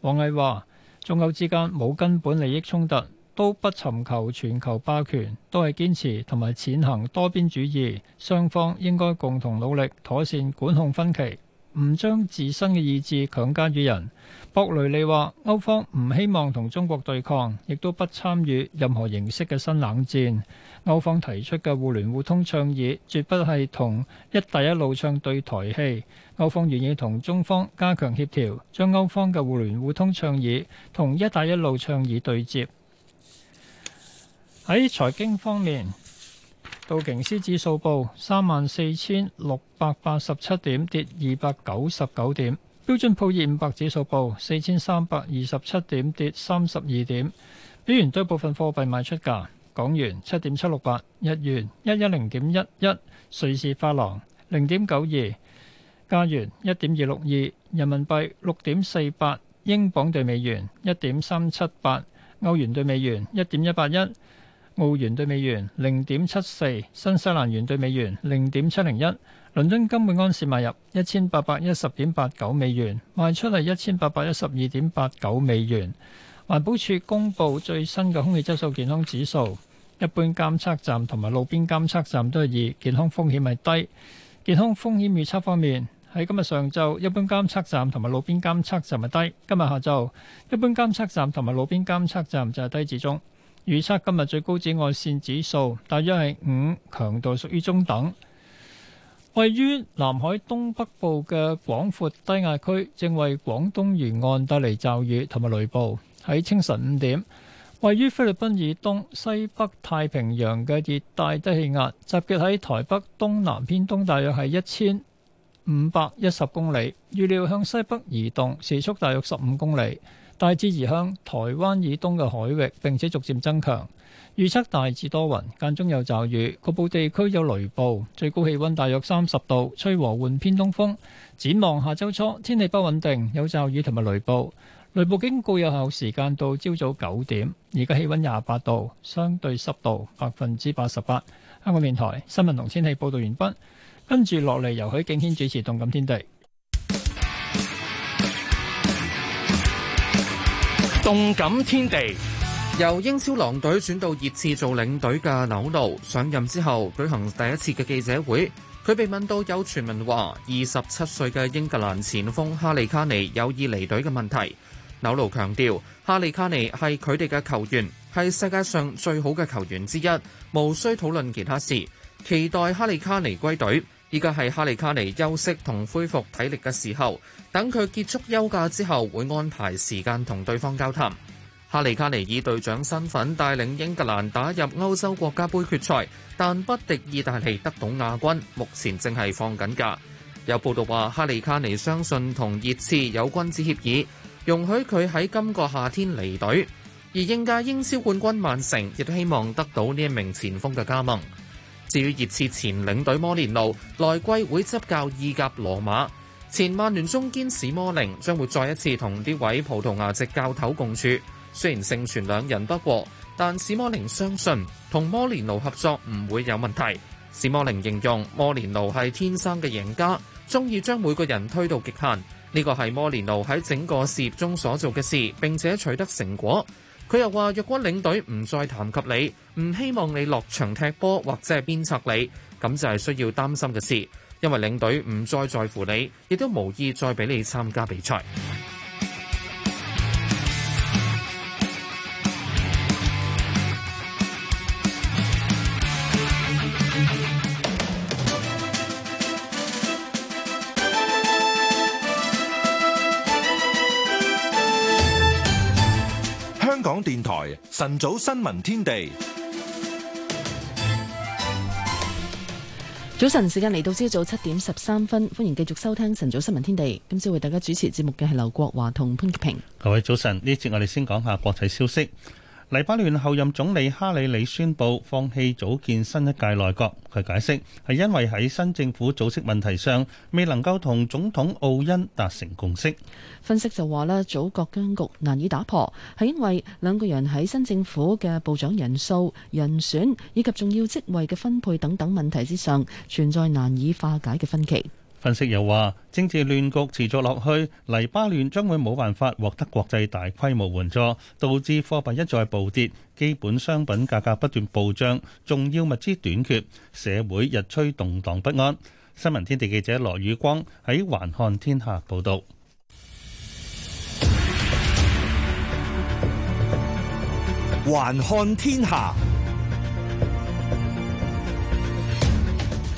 王毅話：中歐之間冇根本利益衝突。都不尋求全球霸權，都係堅持同埋踐行多邊主義。雙方應該共同努力，妥善管控分歧，唔將自身嘅意志強加於人。博雷利話：歐方唔希望同中國對抗，亦都不參與任何形式嘅新冷戰。歐方提出嘅互聯互通倡議，絕不係同「一帶一路」唱對台戲。歐方願意同中方加強協調，將歐方嘅互聯互通倡議同「一帶一路」倡議對接。喺財經方面，道瓊斯指數報三萬四千六百八十七點，跌二百九十九點。標準普爾五百指數報四千三百二十七點，跌三十二點。美元對部分貨幣賣出價：港元七點七六八，日元一一零點一一，瑞士法郎零點九二，加元一點二六二，人民幣六點四八，英鎊對美元一點三七八，歐元對美元一點一八一。澳元兌美元零點七四，新西蘭元兌美元零點七零一，倫敦金每安士賣入一千八百一十點八九美元，賣出嚟一千八百一十二點八九美元。環保署公布最新嘅空氣質素健康指數，一般監測站同埋路邊監測站都係二，健康風險係低。健康風險預測方面，喺今日上晝一般監測站同埋路邊監測站係低，今日下晝一般監測站同埋路邊監測站就係低至中。預測今日最高紫外線指數大約係五，強度屬於中等。位於南海東北部嘅廣闊低壓區，正為廣東沿岸帶嚟驟雨同埋雷暴。喺清晨五點，位於菲律賓以東西北太平洋嘅熱帶低氣壓，集結喺台北東南偏東，大約係一千五百一十公里，預料向西北移動，時速大約十五公里。大致移向台灣以東嘅海域，並且逐漸增強。預測大致多雲，間中有驟雨，局部地區有雷暴。最高氣温大約三十度，吹和緩偏東風。展望下周初，天氣不穩定，有驟雨同埋雷暴。雷暴警告有效時間到朝早九點。而家氣温廿八度，相對濕度百分之八十八。香港電台新聞同天氣報導完畢，跟住落嚟由許敬軒主持《動感天地》。動感天地，由英超狼隊轉到熱刺做領隊嘅紐奴上任之後舉行第一次嘅記者會，佢被問到有傳聞話二十七歲嘅英格蘭前鋒哈利卡尼有意離隊嘅問題，紐奴強調哈利卡尼係佢哋嘅球員，係世界上最好嘅球員之一，無需討論其他事，期待哈利卡尼歸隊，依家係哈利卡尼休息同恢復體力嘅時候。等佢結束休假之後，會安排時間同對方交談。哈利卡尼以隊長身份帶領英格蘭打入歐洲國家杯決賽，但不敵意大利得到亞軍。目前正係放緊假。有報道話，哈利卡尼相信同熱刺有君子協議，容許佢喺今個夏天離隊。而應屆英超冠軍曼城亦都希望得到呢一名前鋒嘅加盟。至於熱刺前領隊摩連奴，來季會執教意甲羅馬。前曼聯中堅史摩寧將會再一次同呢位葡萄牙籍教頭共處，雖然盛傳兩人不和，但史摩寧相信同摩連奴合作唔會有問題。史摩寧形容摩連奴係天生嘅贏家，中意將每個人推到極限，呢個係摩連奴喺整個事業中所做嘅事，並且取得成果。佢又話：若果領隊唔再談及你，唔希望你落場踢波或者係鞭策你，咁就係需要擔心嘅事。因為領隊唔再在乎你，亦都無意再俾你參加比賽。香港電台晨早新聞天地。早晨，時間嚟到朝早七點十三分，歡迎繼續收聽晨早新聞天地。今朝為大家主持節目嘅係劉國華同潘潔平。各位早晨，呢節我哋先講下國際消息。黎巴嫩候任總理哈里里宣布放棄組建新一屆內閣。佢解釋係因為喺新政府組織問題上未能夠同總統奧恩達成共識。分析就話咧組閣僵局難以打破，係因為兩個人喺新政府嘅部長人數、人選以及重要職位嘅分配等等問題之上存在難以化解嘅分歧。分析又話，政治亂局持續落去，黎巴嫩將會冇辦法獲得國際大規模援助，導致貨幣一再暴跌，基本商品價格不斷暴漲，重要物資短缺，社會日趨動盪不安。新聞天地記者羅宇光喺環看天下報導。環看天下。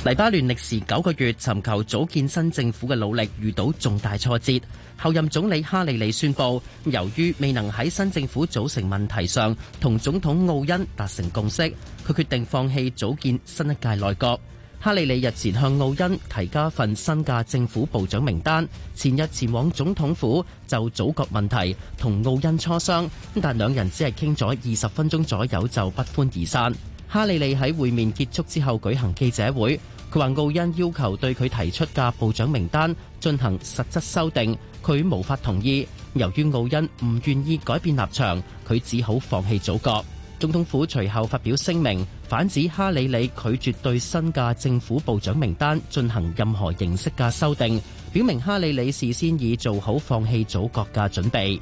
黎巴嫩歷時九個月尋求組建新政府嘅努力遇到重大挫折。候任總理哈利利宣布，由於未能喺新政府組成問題上同總統奧恩達成共識，佢決定放棄組建新一屆內閣。哈利利日前向奧恩提交一份新嘅政府部長名單，前日前往總統府就組閣問題同奧恩磋商，但兩人只係傾咗二十分鐘左右就不歡而散。哈利利喺會面結束之後舉行記者會。佢話奧恩要求對佢提出嘅部長名單進行實質修訂，佢無法同意。由於奧恩唔願意改變立場，佢只好放棄組閣。總統府隨後發表聲明，反指哈里里拒絕對新嘅政府部長名單進行任何形式嘅修訂，表明哈里里事先已做好放棄組閣嘅準備。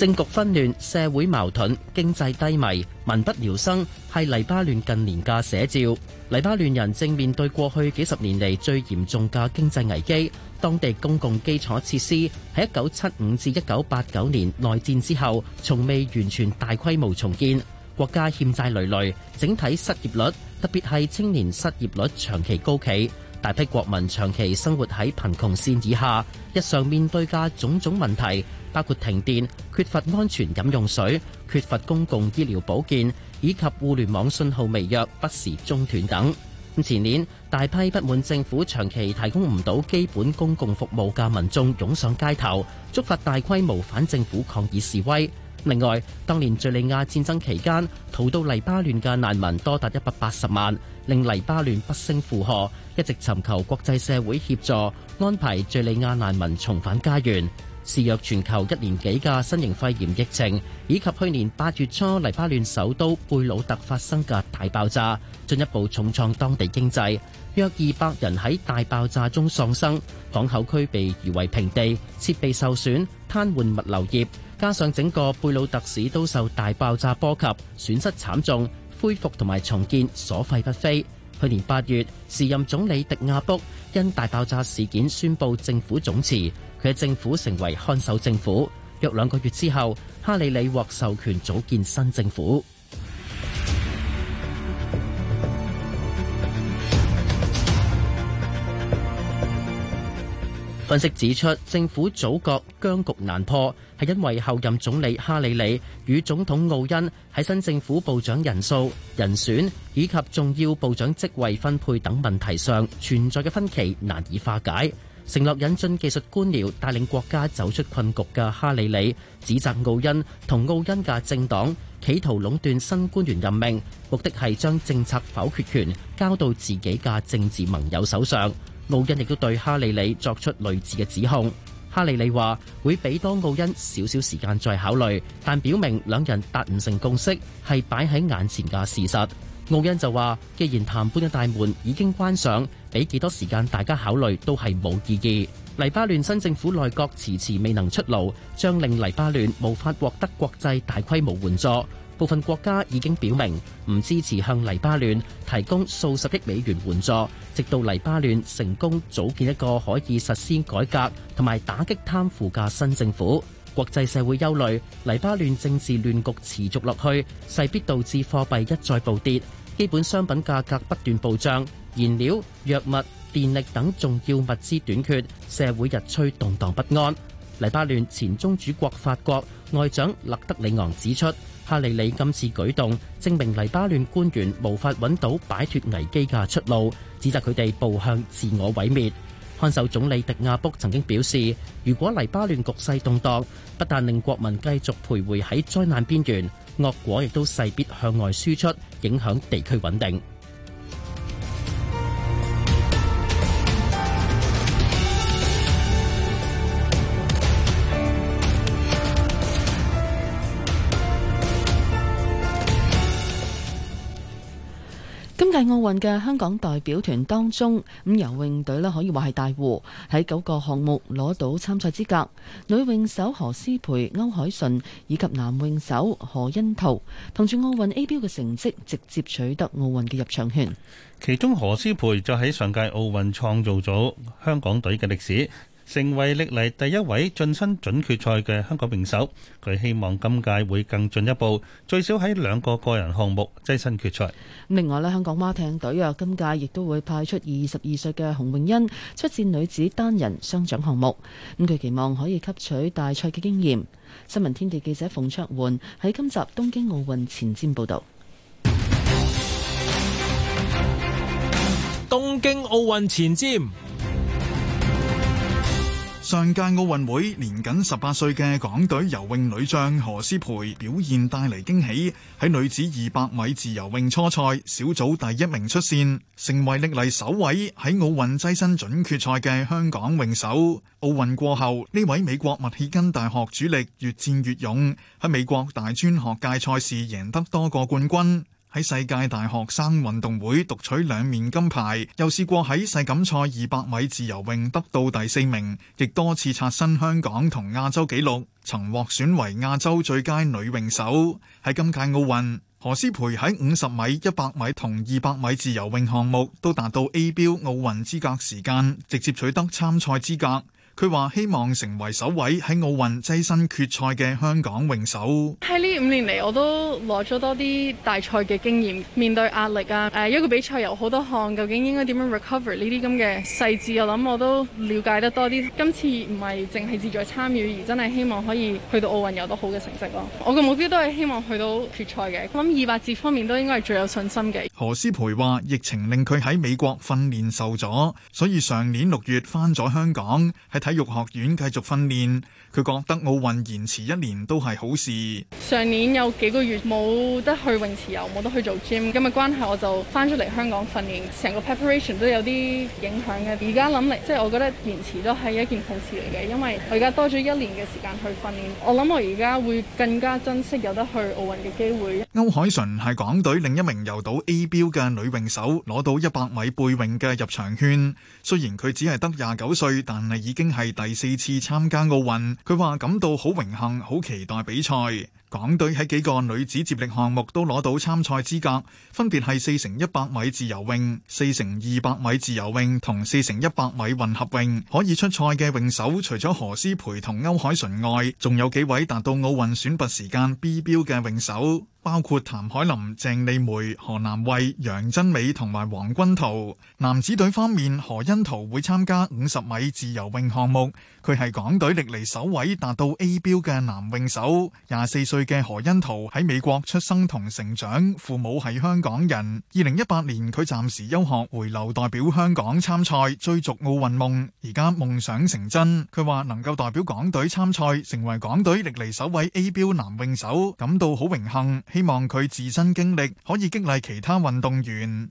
政局紛亂、社會矛盾、經濟低迷、民不聊生，係黎巴嫩近年嘅寫照。黎巴嫩人正面對過去幾十年嚟最嚴重嘅經濟危機。當地公共基礎設施喺1975至1989年內戰之後，從未完全大規模重建。國家欠債累累，整體失業率，特別係青年失業率長期高企。大批國民長期生活喺貧窮線以下，日常面對嘅種種問題。包括停電、缺乏安全飲用水、缺乏公共醫療保健，以及互聯網信號微弱、不時中斷等。前年，大批不滿政府長期提供唔到基本公共服務嘅民眾湧上街頭，觸發大規模反政府抗議示威。另外，當年敍利亞戰爭期間，逃到黎巴嫩嘅難民多達一百八十萬，令黎巴嫩不勝負荷，一直尋求國際社會協助安排敍利亞難民重返家園。肆虐全球一年幾嘅新型肺炎疫情以及去年八月初黎巴嫩首都貝魯特發生嘅大爆炸進一步重創當地經濟，約二百人喺大爆炸中喪生，港口區被夷為平地，設備受損癱瘓物流業，加上整個貝魯特市都受大爆炸波及，損失慘重，恢復同埋重建所費不菲。去年八月時任總理迪亞卜因大爆炸事件宣布政府總辭。佢嘅政府成為看守政府，約兩個月之後，哈里里獲授權組建新政府。分析指出，政府組閣僵局難破，係因為後任總理哈里里與總統奧恩喺新政府部長人數、人選以及重要部長職位分配等問題上存在嘅分歧難以化解。承諾引進技術官僚帶領國家走出困局嘅哈里里，指責奧恩同奧恩嘅政黨企圖壟斷新官員任命，目的係將政策否決權交到自己嘅政治盟友手上。奧恩亦都對哈里里作出類似嘅指控。哈里里話會俾多奧恩少少時間再考慮，但表明兩人達唔成共識係擺喺眼前嘅事實。奧恩就話，既然談判嘅大門已經關上，俾幾多時間大家考慮都係冇意義。黎巴嫩新政府內閣遲遲未能出爐，將令黎巴嫩無法獲得國際大規模援助。部分國家已經表明唔支持向黎巴嫩提供數十億美元援助，直到黎巴嫩成功組建一個可以實施改革同埋打擊貪腐嘅新政府。國際社會憂慮，黎巴嫩政治亂局持續落去，勢必導致貨幣一再暴跌。基本商品價格不斷暴漲，燃料、藥物、電力等重要物資短缺，社會日趨動盪不安。黎巴嫩前宗主國法國外長勒德里昂指出，哈里里今次舉動證明黎巴嫩官員無法揾到擺脫危機嘅出路，指責佢哋步向自我毀滅。看守總理迪亞卜曾經表示，如果黎巴嫩局勢動盪，不但令國民繼續徘徊喺災難邊緣。惡果亦都勢必向外輸出，影響地區穩定。本屆奧運嘅香港代表團當中，咁游泳隊呢可以話係大戶，喺九個項目攞到參賽資格。女泳手何詩蓓、歐鎧淳以及男泳手何欣濤，憑住奧運 A 標嘅成績，直接取得奧運嘅入場券。其中何詩蓓就喺上屆奧運創造咗香港隊嘅歷史。成為歷嚟第一位晉身準決賽嘅香港泳手，佢希望今屆會更進一步，最少喺兩個個人項目躋身決賽。另外咧，香港蛙艇隊啊，今屆亦都會派出二十二歲嘅洪詠欣出戰女子單人雙槳項目，咁佢期望可以吸取大賽嘅經驗。新聞天地記者馮卓媛喺今集東京奧運前瞻報道。東京奧運前瞻。上屆奧運會年僅十八歲嘅港隊游泳女將何詩蓓表現帶嚟驚喜，喺女子二百米自由泳初賽小組第一名出線，成為歷嚟首位喺奧運躋身準決賽嘅香港泳手。奧運過後，呢位美國密歇根大學主力越戰越勇，喺美國大專學界賽事贏得多個冠軍。喺世界大學生運動會奪取兩面金牌，又試過喺世錦賽二百米自由泳得到第四名，亦多次刷新香港同亞洲紀錄，曾獲選為亞洲最佳女泳手。喺今屆奧運，何詩蓓喺五十米、一百米同二百米自由泳項目都達到 A 標奧運資格時間，直接取得參賽資格。佢話希望成為首位喺奧運躋身決賽嘅香港泳手。喺呢五年嚟，我都攞咗多啲大賽嘅經驗，面對壓力啊，誒一個比賽有好多項，究竟應該點樣 recover 呢啲咁嘅細節，我諗我都了解得多啲。今次唔係淨係志在參與，而真係希望可以去到奧運有得好嘅成績咯。我嘅目標都係希望去到決賽嘅。咁二百字方面都應該係最有信心嘅。何詩蓓話：疫情令佢喺美國訓練受阻，所以上年六月翻咗香港，係體育學院繼續訓練，佢覺得奧運延遲一年都係好事。上年有幾個月冇得去泳池游，冇得去做 gym，咁嘅關係我就翻咗嚟香港訓練，成個 preparation 都有啲影響嘅。而家諗嚟，即係我覺得延遲都係一件好事嚟嘅，因為我而家多咗一年嘅時間去訓練，我諗我而家會更加珍惜有得去奧運嘅機會。歐鎧淳係港隊另一名游到 A 標嘅女泳手，攞到一百米背泳嘅入場券。雖然佢只係得廿九歲，但係已經係。係第四次參加奧運，佢話感到好榮幸，好期待比賽。港隊喺幾個女子接力項目都攞到參賽資格，分別係四乘一百米自由泳、四乘二百米自由泳同四乘一百米混合泳。可以出賽嘅泳手除咗何詩蓓同歐鎧淳外，仲有幾位達到奧運選拔時間 B 標嘅泳手，包括譚海琳、鄭麗梅、何南惠、楊真美同埋黃君桃。男子隊方面，何恩圖會參加五十米自由泳項目。佢係港隊歷嚟首位達到 A 標嘅男泳手，廿四歲嘅何恩圖喺美國出生同成長，父母係香港人。二零一八年佢暫時休學回流代表香港參賽，追逐奧運夢。而家夢想成真，佢話能夠代表港隊參賽，成為港隊歷嚟首位 A 標男泳手，感到好榮幸。希望佢自身經歷可以激勵其他運動員。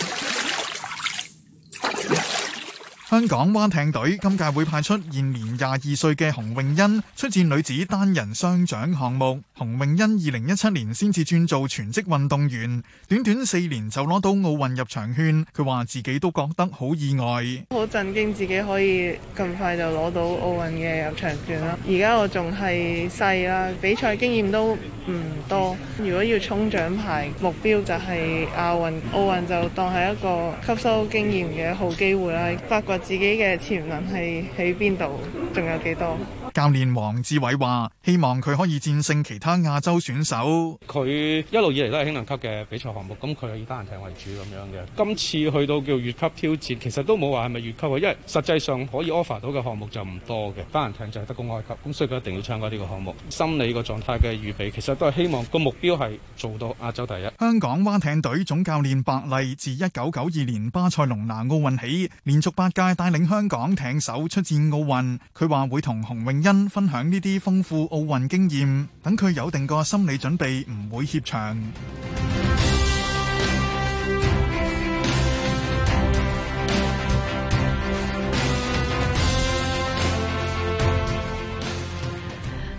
香港蛙艇隊今屆會派出現年廿二歲嘅洪詠欣出戰女子單人雙槳項目。洪詠欣二零一七年先至轉做全職運動員，短短四年就攞到奧運入場券，佢話自己都覺得好意外，好震驚自己可以咁快就攞到奧運嘅入場券啦。而家我仲係細啦，比賽經驗都唔多。如果要衝獎牌，目標就係亞運、奧運就當係一個吸收經驗嘅好機會啦。發掘自己嘅潛能係喺邊度，仲有幾多？教練黃志偉話：希望佢可以戰勝其他亞洲選手。佢一路以嚟都係輕量級嘅比賽項目，咁佢係以單人艇為主咁樣嘅。今次去到叫越級挑戰，其實都冇話係咪越級啊，因為實際上可以 offer 到嘅項目就唔多嘅，單人艇就係得公開級，咁所以佢一定要參加呢個項目。心理個狀態嘅預備，其實都係希望個目標係做到亞洲第一。香港蛙艇隊總教練白麗自一九九二年巴塞隆拿奧運起，連續八屆。帶領香港艇手出戰奧運，佢話會同洪詠欣分享呢啲豐富奧運經驗，等佢有定個心理準備，唔會怯場。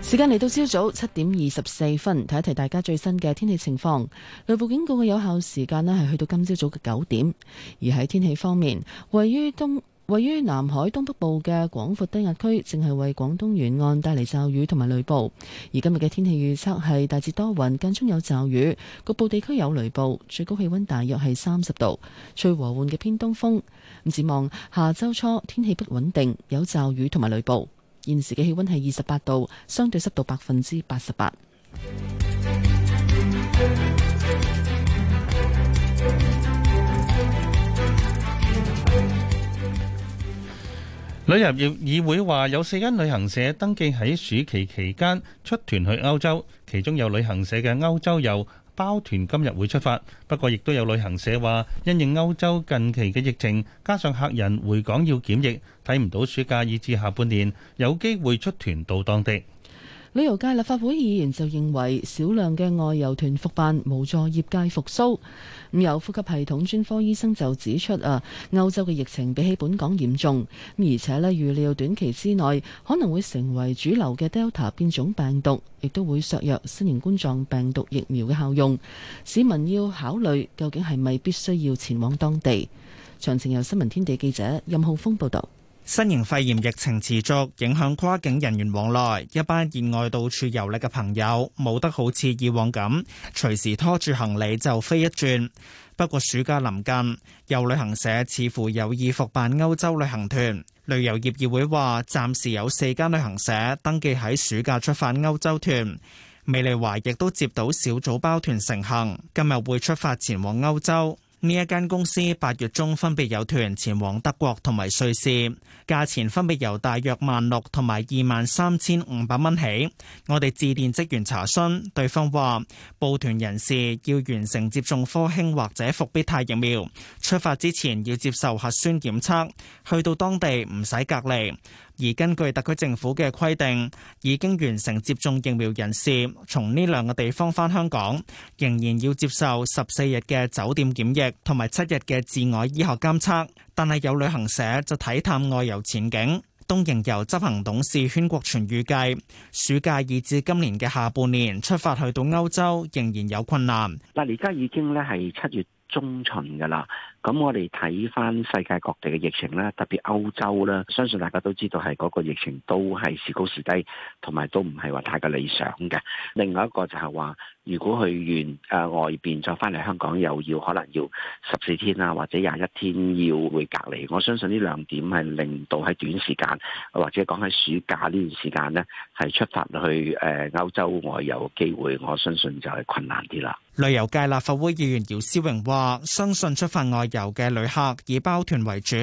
時間嚟到朝早七點二十四分，睇一睇大家最新嘅天氣情況。雷暴警告嘅有效時間咧係去到今朝早嘅九點，而喺天氣方面，位於東。位於南海東北部嘅廣闊低壓區正係為廣東沿岸帶嚟驟雨同埋雷暴，而今日嘅天氣預測係大致多雲，間中有驟雨，局部地區有雷暴，最高氣溫大約係三十度，吹和緩嘅偏東風。咁展望下周初天氣不穩定，有驟雨同埋雷暴。現時嘅氣溫係二十八度，相對濕度百分之八十八。旅遊業議會話，有四間旅行社登記喺暑期期間出團去歐洲，其中有旅行社嘅歐洲遊包團今日會出發。不過，亦都有旅行社話，因應歐洲近期嘅疫情，加上客人回港要檢疫，睇唔到暑假以至下半年有機會出團到當地。旅遊界立法會議員就認為，少量嘅外遊團復辦無助業界復甦。咁由呼吸系統專科醫生就指出啊，歐洲嘅疫情比起本港嚴重，而且呢預料短期之內可能會成為主流嘅 Delta 變種病毒，亦都會削弱新型冠狀病毒疫苗嘅效用。市民要考慮究竟係咪必須要前往當地。詳情由新聞天地記者任浩峰報道。新型肺炎疫情持續影響跨境人員往來，一班意外到處遊歷嘅朋友冇得好似以往咁隨時拖住行李就飛一轉。不過暑假臨近，有旅行社似乎有意復辦歐洲旅行團。旅遊業議會話，暫時有四間旅行社登記喺暑假出發歐洲團。美麗華亦都接到小組包團成行，今日會出發前往歐洲。呢一間公司八月中分別有團前往德國同埋瑞士，價錢分別由大約萬六同埋二萬三千五百蚊起。我哋致電職員查詢，對方話報團人士要完成接種科興或者復必泰疫苗，出發之前要接受核酸檢測，去到當地唔使隔離。而根據特區政府嘅規定，已經完成接種疫苗人士從呢兩個地方返香港，仍然要接受十四日嘅酒店檢疫同埋七日嘅自我醫學監測。但係有旅行社就睇淡外遊前景。東瀛遊執行董事禤國全預計，暑假以至今年嘅下半年出發去到歐洲，仍然有困難。嗱，而家已經咧係七月中旬㗎啦。咁我哋睇翻世界各地嘅疫情啦，特別歐洲啦，相信大家都知道係嗰個疫情都係時高時低，同埋都唔係話太過理想嘅。另外一個就係話，如果去完誒外邊再翻嚟香港，又要可能要十四天啦，或者廿一天要會隔離。我相信呢兩點係令到喺短時間或者講喺暑假呢段時間呢，係出發去誒歐洲外遊嘅機會，我相信就係困難啲啦。旅遊界立法會議員姚思榮話，相信出發外遊遊，嘅旅客以包團為主，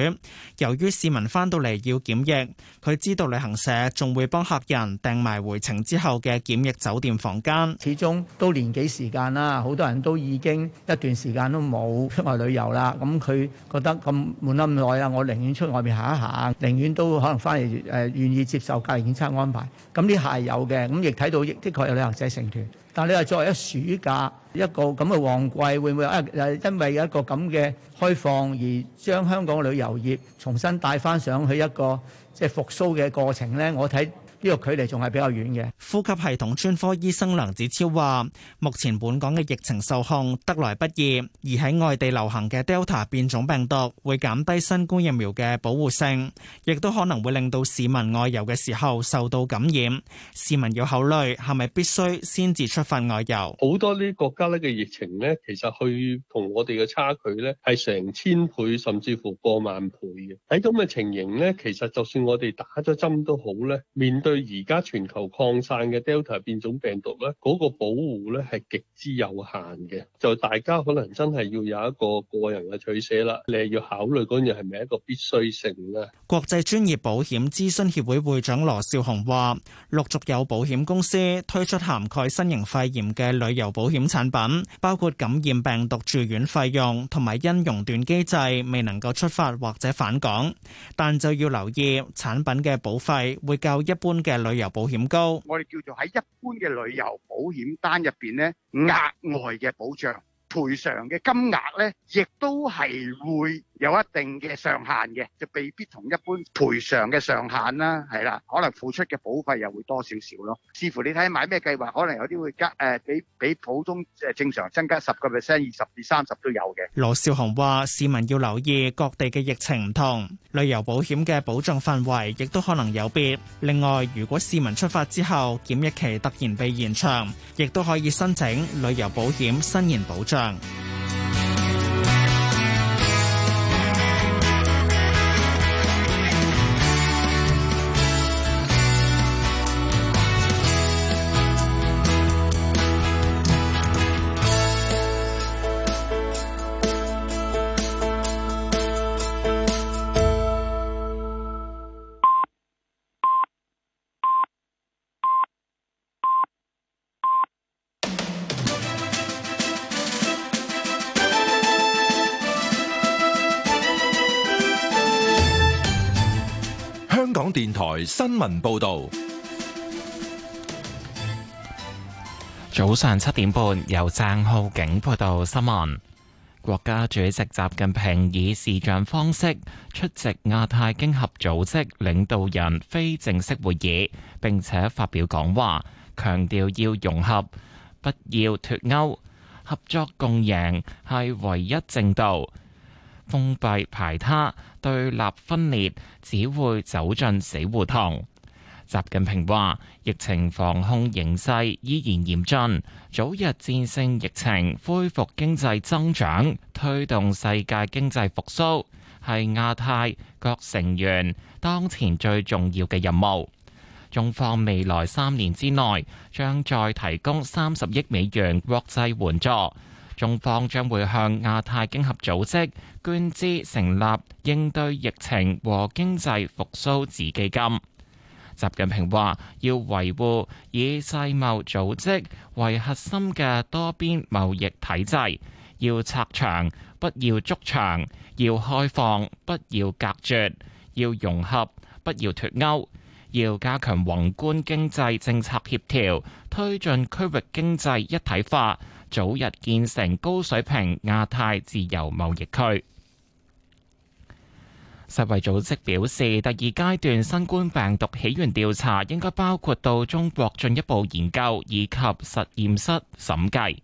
由於市民翻到嚟要檢疫，佢知道旅行社仲會幫客人訂埋回程之後嘅檢疫酒店房間。始終都年幾時間啦，好多人都已經一段時間都冇出外旅遊啦。咁佢覺得咁悶得咁耐啊，我寧願出外面行一行，寧願都可能翻嚟，誒，願意接受隔離檢測安排。咁呢下係有嘅，咁亦睇到亦的確有旅行社成團，但你話作為一暑假。一個咁嘅旺季會唔會啊？誒，因為一個咁嘅開放而將香港嘅旅遊業重新帶翻上去一個即係復甦嘅過程咧？我睇。呢個距離仲係比較遠嘅。呼吸系統專科醫生梁子超話，目前本港嘅疫情受控得來不易，而喺外地流行嘅 Delta 變種病毒會減低新冠疫苗嘅保護性，亦都可能會令到市民外遊嘅時候受到感染。市民要考慮係咪必須先至出發外遊。好多呢啲國家咧嘅疫情咧，其實去同我哋嘅差距咧係成千倍甚至乎過萬倍嘅。喺咁嘅情形咧，其實就算我哋打咗針都好咧，面對。對而家全球擴散嘅 Delta 變種病毒咧，嗰個保護咧係極之有限嘅，就大家可能真係要有一個個人嘅取捨啦。你係要考慮嗰樣，係咪一個必須性咧？國際專業保險諮詢協會會長羅少雄話，陸續有保險公司推出涵蓋新型肺炎嘅旅遊保險產品，包括感染病毒住院費用，同埋因熔斷機制未能夠出發或者返港，但就要留意產品嘅保費會較一般嘅旅遊保險高， 我哋叫做喺一般嘅旅遊保險單入邊咧，額外嘅保障賠償嘅金額咧，亦都係會，有一定嘅上限嘅，就未必同一般賠償嘅上限啦，係啦，可能付出嘅保費又會多少少咯。視乎你睇買咩計劃，可能有啲會加誒，比比普通誒正常增加十個 percent，二十至三十都有嘅。羅少雄話：市民要留意各地嘅疫情唔同，旅遊保險嘅保障範圍亦都可能有別。另外，如果市民出發之後檢疫期突然被延長，亦都可以申請旅遊保險伸延保障。台新聞報道，早上七點半由鄭浩景報道新聞。國家主席習近平以視像方式出席亞太經合組織領導人非正式會議，並且發表講話，強調要融合，不要脫鉤，合作共贏係唯一正道。封閉排他、對立分裂，只會走進死胡同。習近平話：疫情防控形勢依然嚴峻，早日戰勝疫情、恢復經濟增長、推動世界經濟復甦，係亞太各成員當前最重要嘅任務。中方未來三年之內，將再提供三十億美元國際援助。中方將會向亞太經合組織捐資成立應對疫情和經濟復甦子基金。習近平話：要維護以世貿組織為核心嘅多邊貿易體制，要拆牆不要築牆，要開放不要隔絕，要融合不要脫鉤，要加強宏觀經濟政策協調，推進區域經濟一體化。早日建成高水平亞太自由貿易區。世衛組織表示，第二階段新冠病毒起源調查應該包括到中國進一步研究以及實驗室審計。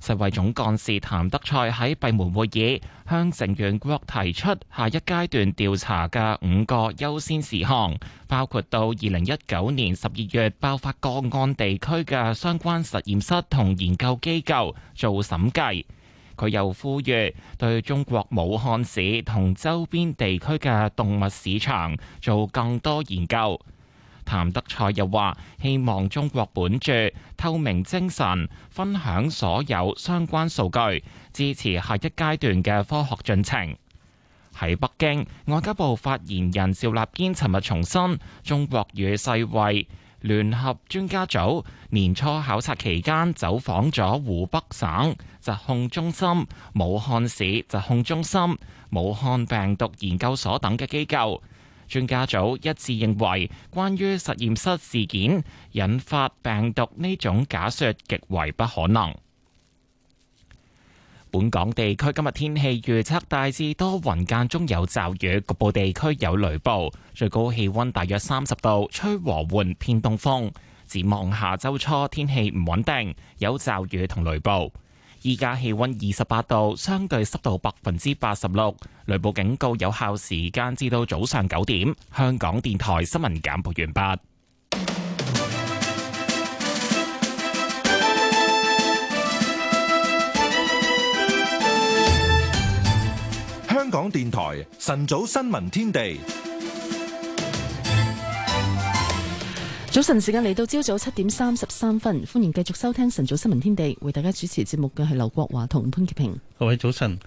世衛總幹事譚德賽喺閉門會議向成員國提出下一階段調查嘅五個優先事項，包括到二零一九年十二月爆發個案地區嘅相關實驗室同研究機構做審計。佢又呼籲對中國武漢市同周邊地區嘅動物市場做更多研究。譚德塞又話：希望中國本着透明精神，分享所有相關數據，支持下一階段嘅科學進程。喺北京，外交部發言人趙立堅尋日重申，中國與世衛聯合專家組年初考察期間走訪咗湖北省疾控中心、武漢市疾控中心、武漢病毒研究所等嘅機構。專家組一致認為，關於實驗室事件引發病毒呢種假説極為不可能。本港地區今日天氣預測大致多雲間中有驟雨，局部地區有雷暴，最高氣温大約三十度，吹和緩偏東風。展望下周初天氣唔穩定，有驟雨同雷暴。依家氣溫二十八度，相對濕度百分之八十六。雷暴警告有效時間至到早上九點。香港電台新聞簡報完畢。香港電台晨早新聞天地。早晨時間嚟到，朝早七點三十三分，歡迎繼續收聽晨早新聞天地。為大家主持節目嘅係劉國華同潘潔平。各位早晨，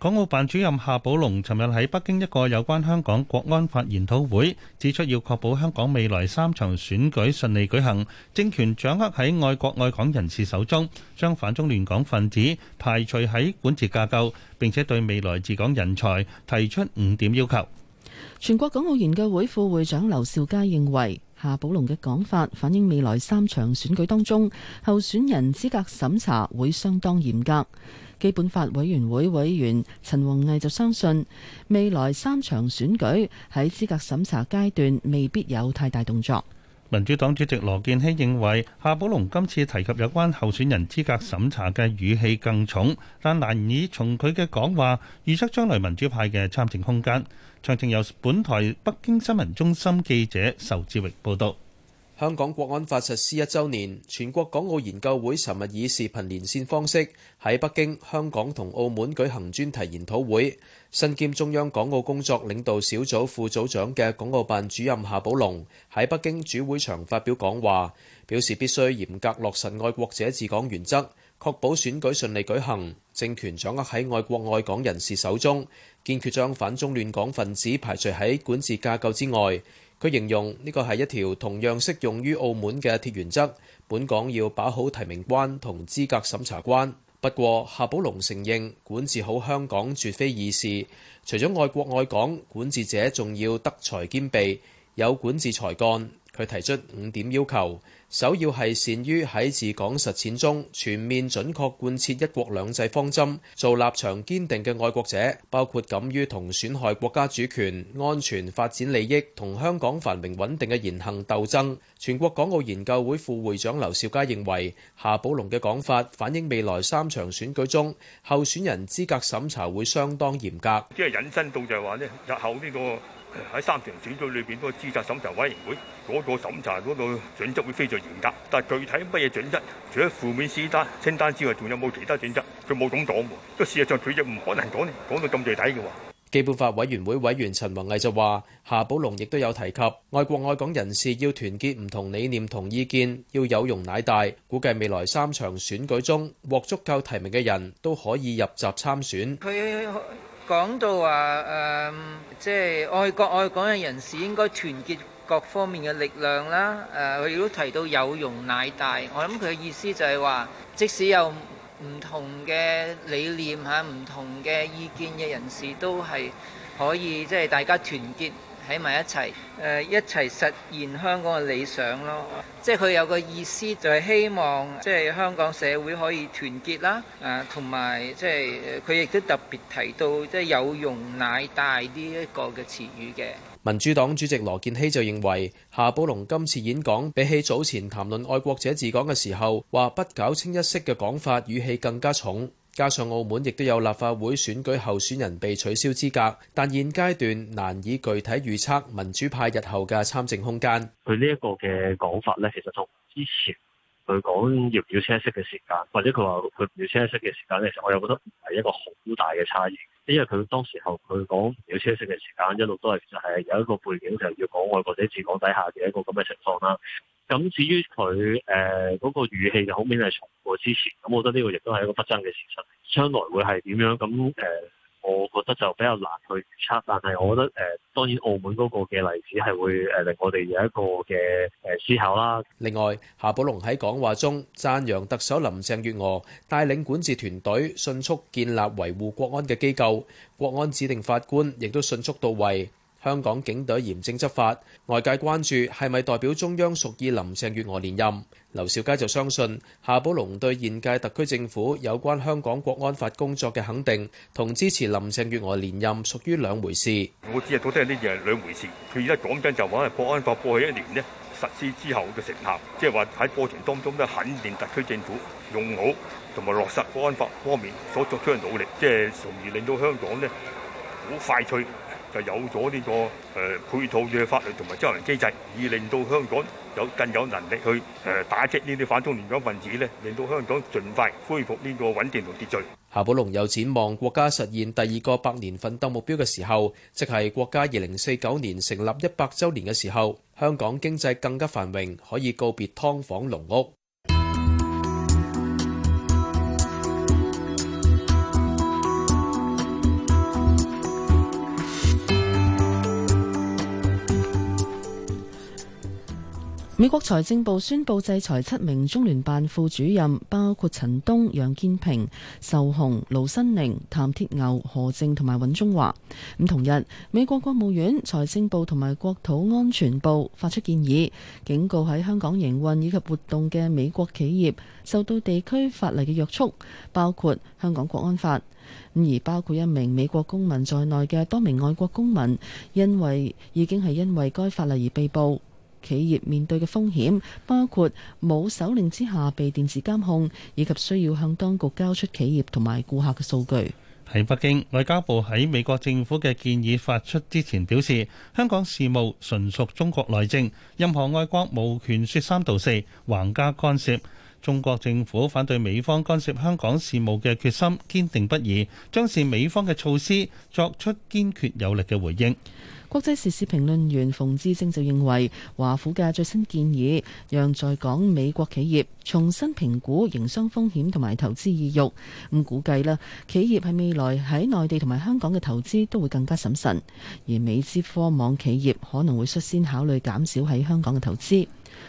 港澳辦主任夏寶龍尋日喺北京一個有關香港國安法研討會，指出要確保香港未來三場選舉順利舉行，政權掌握喺愛國愛港人士手中，將反中亂港分子排除喺管治架構，並且對未來治港人才提出五點要求。全國港澳研究會副會長劉兆佳認為。夏寶龍嘅講法反映未來三場選舉當中，候選人資格審查會相當嚴格。基本法委員會委員陳弘毅就相信，未來三場選舉喺資格審查階段未必有太大動作。民主黨主席羅健熙認為，夏寶龍今次提及有關候選人資格審查嘅語氣更重，但難以從佢嘅講話預測將來民主派嘅參政空間。詳情由本台北京新聞中心記者仇志榮報道。香港國安法實施一週年，全國港澳研究會尋日以視頻連線方式喺北京、香港同澳門舉行專題研討會。身兼中央港澳工作領導小組副組長嘅港澳辦主任夏寶龍喺北京主會場發表講話，表示必須嚴格落實愛國者治港原則，確保選舉順利舉行，政權掌握喺愛國愛港人士手中，堅決將反中亂港分子排除喺管治架構之外。佢形容呢個係一條同樣適用於澳門嘅鐵原則，本港要把好提名關同資格審查關。不過夏寶龍承認管治好香港絕非易事，除咗愛國愛港，管治者仲要德才兼備，有管治才幹。佢提出五點要求。首要係善於喺治港實踐中全面準確貫徹一國兩制方針，做立場堅定嘅愛國者，包括敢於同損害國家主權、安全、發展利益同香港繁榮穩定嘅言行鬥爭。全國港澳研究會副會長劉兆佳認為，夏寶龍嘅講法反映未來三場選舉中候選人資格審查會相當嚴格，即係引申到就係話呢：「日後呢個喺三場選舉裏邊，個資格審查委員會嗰個審查嗰個準則會非常嚴格，但係具體乜嘢準則，除咗負面清單之外，仲有冇其他準則？佢冇咁講喎，即事實上佢亦唔可能講，講到咁具體嘅喎。基本法委員會委員陳弘毅就話：夏寶龍亦都有提及，愛國愛港人士要團結唔同理念同意見，要有容乃大。估計未來三場選舉中，獲足夠提名嘅人都可以入閘參選。講到話誒，即、呃、係、就是、愛國愛港嘅人士應該團結各方面嘅力量啦。誒、呃，佢亦都提到有容乃大，我諗佢嘅意思就係話，即使有唔同嘅理念嚇、唔同嘅意見嘅人士，都係可以即係、就是、大家團結。喺埋一齊，誒，一齊實現香港嘅理想咯。即係佢有個意思，就係希望即係香港社會可以團結啦。誒同埋即係佢亦都特別提到即係有容乃大呢一個嘅詞語嘅。民主黨主席羅健熙就認為，夏寶龍今次演講比起早前談論愛國者治港嘅時候，話不搞清一色嘅講法，語氣更加重。加上澳門亦都有立法會選舉候選人被取消資格，但現階段難以具體預測民主派日後嘅參政空間。佢呢一個嘅講法呢，其實同之前佢講「要唔要車式」嘅時間，或者佢話「佢唔要車式」嘅時間呢，其實我又覺得係一個好大嘅差異，因為佢當時候佢講「唔要車式」嘅時間一路都係其實係有一個背景，就係要講愛國者治港底下嘅一個咁嘅情況啦。咁至於佢誒嗰個語氣，就好明顯係重過之前，咁我覺得呢個亦都係一個不爭嘅事實。將來會係點樣？咁誒，我覺得就比較難去預測。但係，我覺得誒，當然澳門嗰個嘅例子係會誒令我哋有一個嘅誒思考啦。另外，夏寶龍喺講話中讚揚特首林鄭月娥帶領管治團隊迅速建立維護國安嘅機構，國安指定法官亦都迅速到位。香港警隊嚴正執法，外界關注係咪代表中央屬意林鄭月娥連任？劉兆佳就相信夏寶龍對現屆特區政府有關香港國安法工作嘅肯定同支持林鄭月娥連任屬於兩回事。我只係覺得係呢啲係兩回事。佢而家講緊就話，係國安法過去一年咧實施之後嘅成效，即係話喺過程當中咧，肯定特區政府用好同埋落實國安法方面所作出嘅努力，即係從而令到香港咧好快脆。就有咗呢個誒配套嘅法律同埋執行機制，以令到香港有更有能力去誒打擊呢啲反中亂港分子咧，令到香港盡快恢復呢個穩定同秩序。夏寶龍又展望國家實現第二個百年奮鬥目標嘅時候，即係國家二零四九年成立一百週年嘅時候，香港經濟更加繁榮，可以告別劏房籠屋。美國財政部宣布制裁七名中聯辦副主任，包括陳東、楊建平、仇鴻、盧新寧、譚鐵牛、何靖同埋尹中華。咁同日，美國國務院、財政部同埋國土安全部發出建議，警告喺香港營運以及活動嘅美國企業受到地區法例嘅約束，包括香港國安法。咁而包括一名美國公民在內嘅多名外國公民，因為已經係因為該法例而被捕。企業面對嘅風險，包括冇手令之下被電子監控，以及需要向當局交出企業同埋顧客嘅數據。喺北京，外交部喺美國政府嘅建議發出之前表示，香港事務純屬中國內政，任何外國無權說三道四、橫加干涉。中國政府反對美方干涉香港事務嘅決心堅定不移，將對美方嘅措施作出堅決有力嘅回應。國際時事評論員馮智政就認為，華府嘅最新建議讓在港美國企業重新評估營商風險同埋投資意欲，咁估計啦，企業喺未來喺內地同埋香港嘅投資都會更加審慎，而美資科網企業可能會率先考慮減少喺香港嘅投資。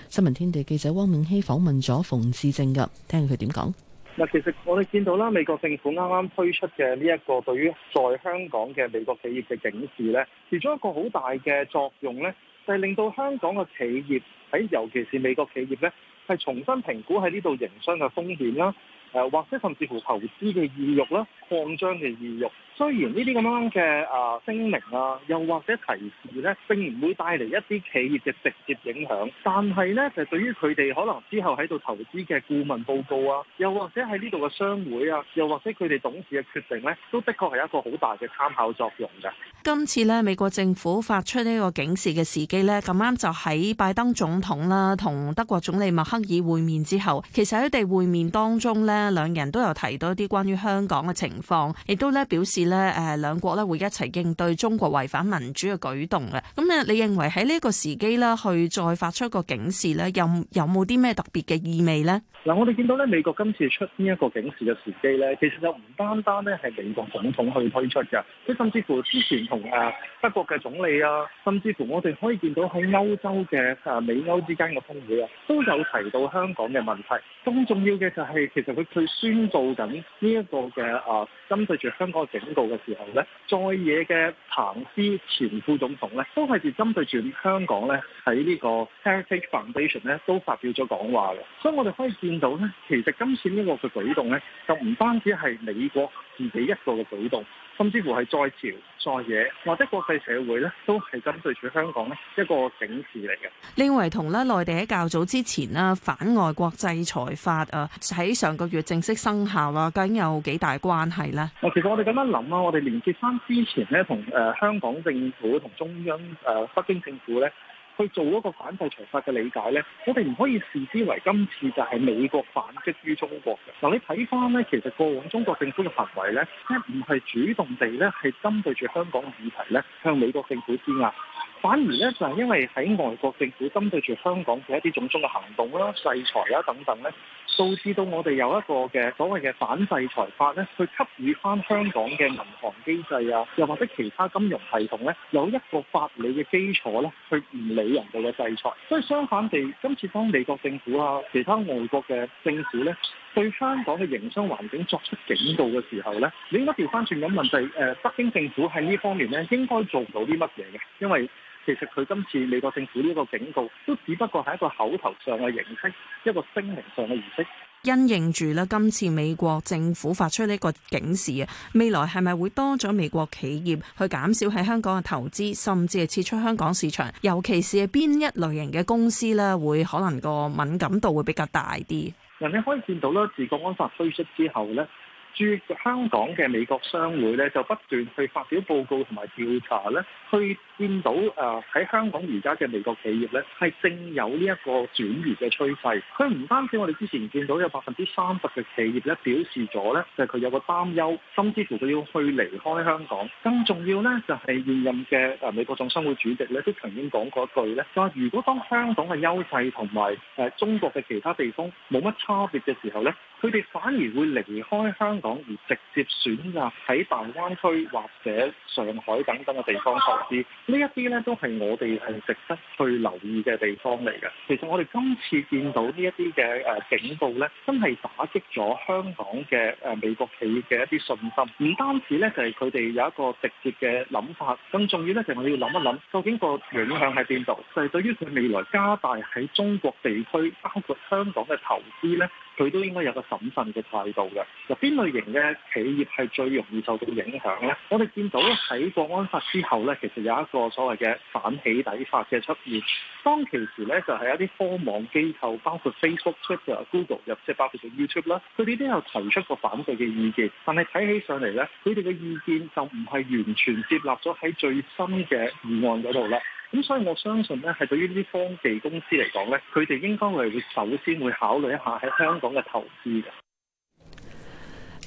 新聞天地記者汪永熙訪問咗馮智政，噶，聽佢點講。嗱，其實我哋見到啦，美國政府啱啱推出嘅呢一個對於在香港嘅美國企業嘅警示呢，其中一個好大嘅作用呢，就係、是、令到香港嘅企業喺尤其是美國企業呢，係重新評估喺呢度營商嘅風險啦，誒、呃，或者甚至乎投資嘅意欲啦，擴張嘅意欲。雖然呢啲咁樣嘅啊聲明啊，又或者提示呢，並唔會帶嚟一啲企業嘅直接影響，但係呢，就對於佢哋可能之後喺度投資嘅顧問報告啊，又或者喺呢度嘅商會啊，又或者佢哋董事嘅決定呢，都的確係一個好大嘅參考作用嘅。今次呢，美國政府發出呢個警示嘅時機呢，咁啱就喺拜登總統啦同德國總理默克爾會面之後，其實喺佢哋會面當中呢，兩人都有提到一啲關於香港嘅情況，亦都呢表示。咧誒兩國咧會一齊應對中國違反民主嘅舉動嘅，咁咧你認為喺呢一個時機咧去再發出一個警示咧，有有冇啲咩特別嘅意味咧？嗱、嗯，我哋見到咧美國今次出呢一個警示嘅時機咧，其實就唔單單咧係美國總統去推出嘅，佢甚至乎之前同啊德國嘅總理啊，甚至乎我哋可以見到喺歐洲嘅啊美歐之間嘅峰會啊，都有提到香港嘅問題。更重要嘅就係其實佢佢宣佈緊呢一個嘅啊針對住香港嘅整個。到嘅時候咧，在野嘅彭斯前副總統咧，都係係針對住香港咧，喺呢個 Heritage Foundation 咧都發表咗講話嘅，所以我哋可以見到咧，其實今次呢個嘅舉動咧，就唔單止係美國。自己一個嘅舉動，甚至乎係再朝再野，或者國際社會咧，都係針對住香港咧一個警示嚟嘅。另外同咧內地喺較早之前啦反外國制裁法啊，喺上個月正式生效啦，究竟有幾大關係咧？哦，其實我哋咁樣諗啦，我哋連結翻之前咧，同誒香港政府同中央誒北京政府咧。去做一個反制裁法嘅理解咧，我哋唔可以視之為今次就係美國反擊於中國嘅。嗱、呃，你睇翻咧，其實過往中國政府嘅行為咧，一唔係主動地咧，係針對住香港嘅議題咧，向美國政府施壓。反而咧就係因為喺外國政府針對住香港嘅一啲種種嘅行動啦、制裁呀等等咧，導致到我哋有一個嘅所謂嘅反制裁法咧，去給予翻香港嘅銀行機制啊，又或者其他金融系統咧，有一個法理嘅基礎咧，去唔理人哋嘅制裁。所以相反地，今次當美國政府啊、其他外國嘅政府咧，對香港嘅營商環境作出警告嘅時候咧，你應該調翻轉咁問就係、呃、北京政府喺呢方面咧，應該做到啲乜嘢嘅，因為。其實佢今次美國政府呢一個警告，都只不過係一個口頭上嘅形式，一個聲明上嘅形式。因應住呢，今次美國政府發出呢一個警示啊，未來係咪會多咗美國企業去減少喺香港嘅投資，甚至係撤出香港市場？尤其是係邊一類型嘅公司呢？會可能個敏感度會比較大啲？嗱，你可以見到咧，自國安法推出之後呢。駐香港嘅美國商會咧，就不斷去發表報告同埋調查咧，去見到啊喺、呃、香港而家嘅美國企業咧，係正有呢一個轉移嘅趨勢。佢唔單止我哋之前見到有百分之三十嘅企業咧表示咗咧，就係、是、佢有個擔憂，甚至乎佢要去離開香港。更重要咧就係、是、現任嘅啊美國總商會主席咧都曾經講過一句咧，就話如果當香港嘅優勢同埋誒中國嘅其他地方冇乜差別嘅時候咧，佢哋反而會離開香。港而直接選擇喺大灣區或者上海等等嘅地方投資，呢一啲咧都係我哋係值得去留意嘅地方嚟嘅。其實我哋今次見到呢一啲嘅誒警報咧，真係打擊咗香港嘅誒美國企業嘅一啲信心。唔單止咧，就係佢哋有一個直接嘅諗法，更重要咧，就係我要諗一諗，究竟個影響喺邊度？就係對於佢未來加大喺中國地區，包括香港嘅投資咧。佢都應該有個審慎嘅態度嘅。就邊類型嘅企業係最容易受到影響呢？我哋見到喺《國安法》之後呢，其實有一個所謂嘅反起底法嘅出現。當其時呢，就係一啲科網機構，包括 Facebook、Twitter、Google 入，即係包括咗 YouTube 啦，佢哋都有提出過反對嘅意見。但係睇起上嚟呢，佢哋嘅意見就唔係完全接納咗喺最新嘅議案嗰度啦。咁所以我相信咧，係對於呢啲科技公司嚟講咧，佢哋應該係會首先會考慮一下喺香港嘅投資嘅。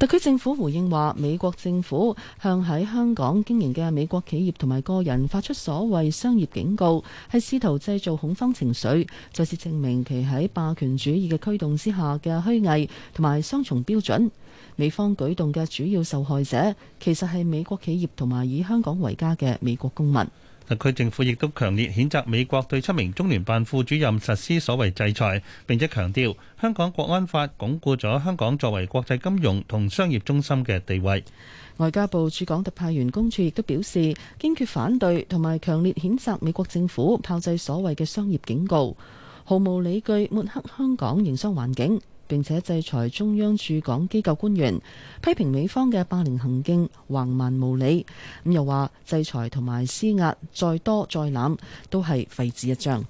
特區政府回應話，美國政府向喺香港經營嘅美國企業同埋個人發出所謂商業警告，係試圖製造恐慌情緒，再次證明其喺霸權主義嘅驅動之下嘅虛偽同埋雙重標準。美方舉動嘅主要受害者，其實係美國企業同埋以香港為家嘅美國公民。特區政府亦都強烈譴責美國對七名中聯辦副主任實施所謂制裁，並且強調香港國安法鞏固咗香港作為國際金融同商業中心嘅地位。外交部駐港特派員公署亦都表示，堅決反對同埋強烈譴責美國政府炮製所謂嘅商業警告，毫無理據抹黑香港營商環境。並且制裁中央駐港機構官員，批評美方嘅霸凌行徑橫蠻無理。咁又話制裁同埋施壓再多再濫都係廢紙一張。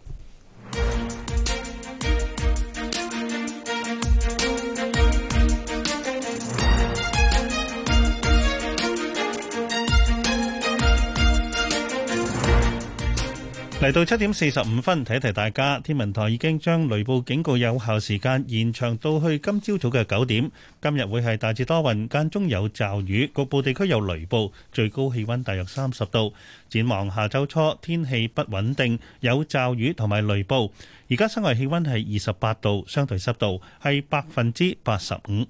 嚟到七點四十五分，提一提大家，天文台已經將雷暴警告有效時間延長到去今朝早嘅九點。今日會係大致多雲，間中有驟雨，局部地區有雷暴，最高氣溫大約三十度。展望下週初，天氣不穩定，有驟雨同埋雷暴。而家室外氣溫係二十八度，相對濕度係百分之八十五。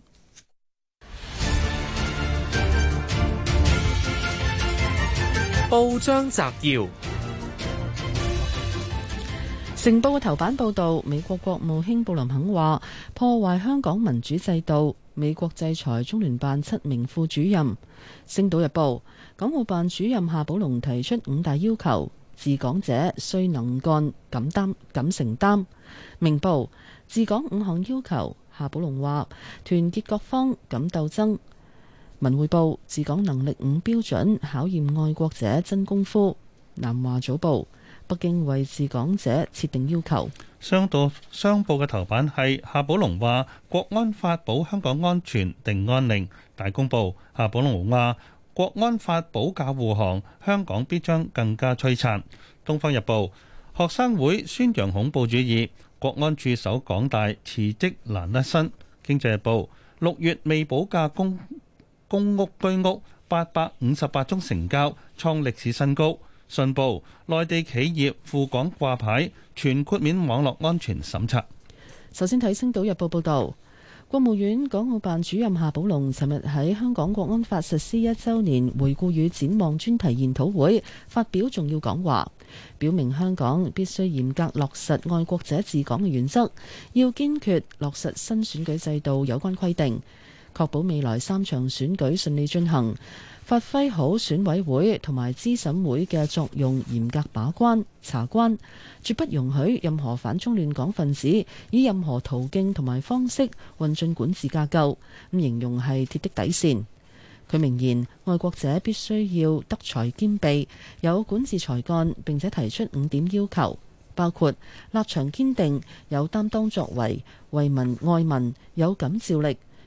報章摘要。《成報》嘅頭版報導，美國國務卿布林肯話：破壞香港民主制度，美國制裁中聯辦七名副主任。《星島日報》港澳辦主任夏寶龍提出五大要求，治港者須能幹、敢擔、敢承擔。《明報》治港五項要求，夏寶龍話：團結各方，敢鬥爭。《文匯報》治港能力五標準，考驗愛國者真功夫。南華早報。北京維持港者設定要求。商度商報嘅頭版係夏寶龍話：國安法保香港安全定安寧。大公報夏寶龍話：國安法保駕護航，香港必將更加璀璨。《東方日報》學生會宣揚恐怖主義，國安駐守港大辭職難甩身。《經濟日報》六月未保價公公屋居屋八百五十八宗成交，創歷史新高。信報，內地企業赴港掛牌，全豁免網絡安全審查。首先睇《星島日報》報導，國務院港澳辦主任夏寶龍尋日喺香港國安法實施一週年回顧與展望專題研討會發表重要講話，表明香港必須嚴格落實愛國者治港嘅原則，要堅決落實新選舉制度有關規定，確保未來三場選舉順利進行。發揮好選委會同埋資審會嘅作用，嚴格把關查關，絕不容許任何反中亂港分子以任何途徑同埋方式運進管治架構，咁形容係鐵的底線。佢明言，愛國者必須要德才兼備，有管治才幹，並且提出五點要求，包括立場堅定、有擔當作為、為民愛民、有感召力。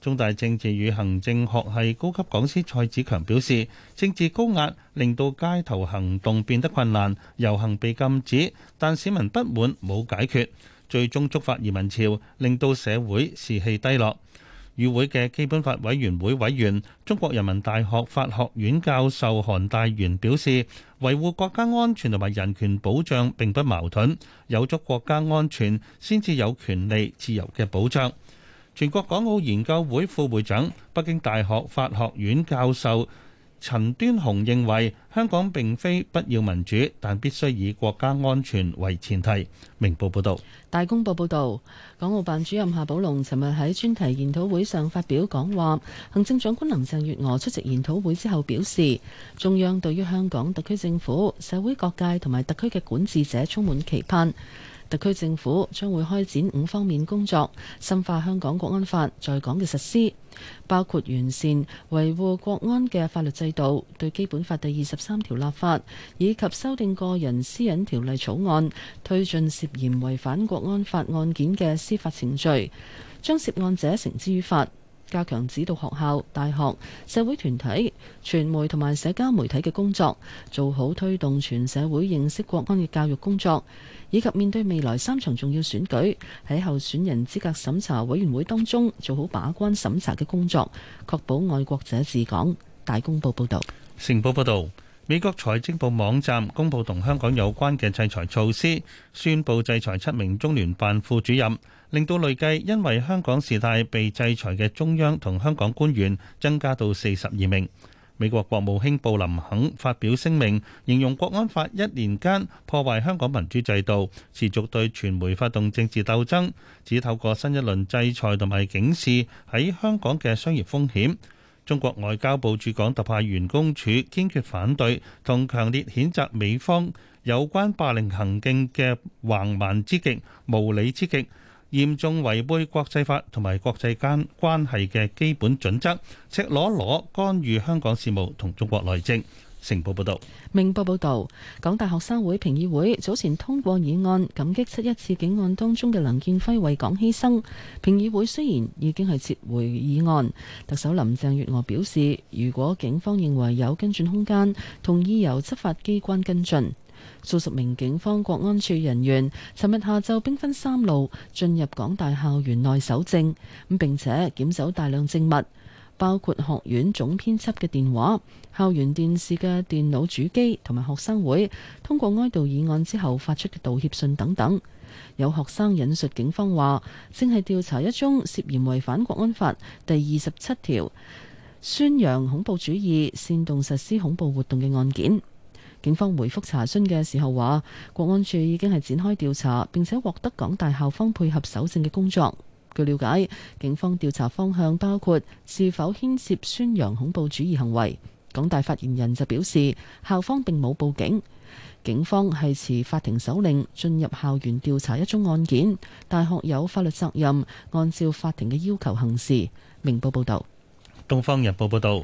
中大政治與行政學系高級講師蔡子強表示，政治高壓令到街頭行動變得困難，遊行被禁止，但市民不滿冇解決，最終觸發移民潮，令到社會士氣低落。與會嘅基本法委員會委員、中國人民大學法學院教授韓大元表示，維護國家安全同埋人權保障並不矛盾，有咗國家安全先至有權利自由嘅保障。全國港澳研究會副會長、北京大學法學院教授陳端雄認為，香港並非不要民主，但必須以國家安全為前提。明報報導，大公報報導，港澳辦主任夏寶龍尋日喺專題研討會上發表講話。行政長官林鄭月娥出席研討會之後表示，中央對於香港特區政府、社會各界同埋特區嘅管治者充滿期盼。特區政府將會開展五方面工作，深化香港國安法在港嘅實施，包括完善維護國安嘅法律制度，對基本法第二十三條立法，以及修訂個人私隱條例草案，推進涉嫌違反國安法案件嘅司法程序，將涉案者繩之於法，加強指導學校、大學、社會團體、傳媒同埋社交媒體嘅工作，做好推動全社會認識國安嘅教育工作。以及面對未來三場重要選舉，喺候選人資格審查委員會當中做好把關審查嘅工作，確保愛國者治港。大公報報導，成報報導，美國財政部網站公布同香港有關嘅制裁措施，宣布制裁七名中聯辦副主任，令到累計因為香港事態被制裁嘅中央同香港官員增加到四十二名。美國國務卿布林肯發表聲明，形容《國安法》一年間破壞香港民主制度，持續對傳媒發動政治鬥爭，只透過新一輪制裁同埋警示喺香港嘅商業風險。中國外交部駐港特派員公署堅決反對同強烈譴責美方有關霸凌行徑嘅橫蠻之極、無理之極。嚴重違背國際法同埋國際間關係嘅基本準則，赤裸裸干預香港事務同中國內政。成報報導，明報報道：港大學生會評議會早前通過議案，感激七一次警案當中嘅梁建輝為港犧牲。評議會雖然已經係撤回議案，特首林鄭月娥表示，如果警方認為有跟進空間，同意由執法機關跟進。數十名警方國安處人員尋日下晝兵分三路進入港大校園內搜證，咁並且檢走大量證物，包括學院總編輯嘅電話、校園電視嘅電腦主機同埋學生會通過哀悼議案之後發出嘅道歉信等等。有學生引述警方話，正係調查一宗涉嫌違反國安法第二十七條宣揚恐怖主義、煽動實施恐怖活動嘅案件。警方回覆查詢嘅時候話，國安處已經係展開調查，並且獲得港大校方配合搜證嘅工作。據了解，警方調查方向包括是否牽涉宣揚恐怖主義行為。港大發言人就表示，校方並冇報警，警方係持法庭手令進入校園調查一宗案件。大學有法律責任，按照法庭嘅要求行事。明報報道。東方日報報道。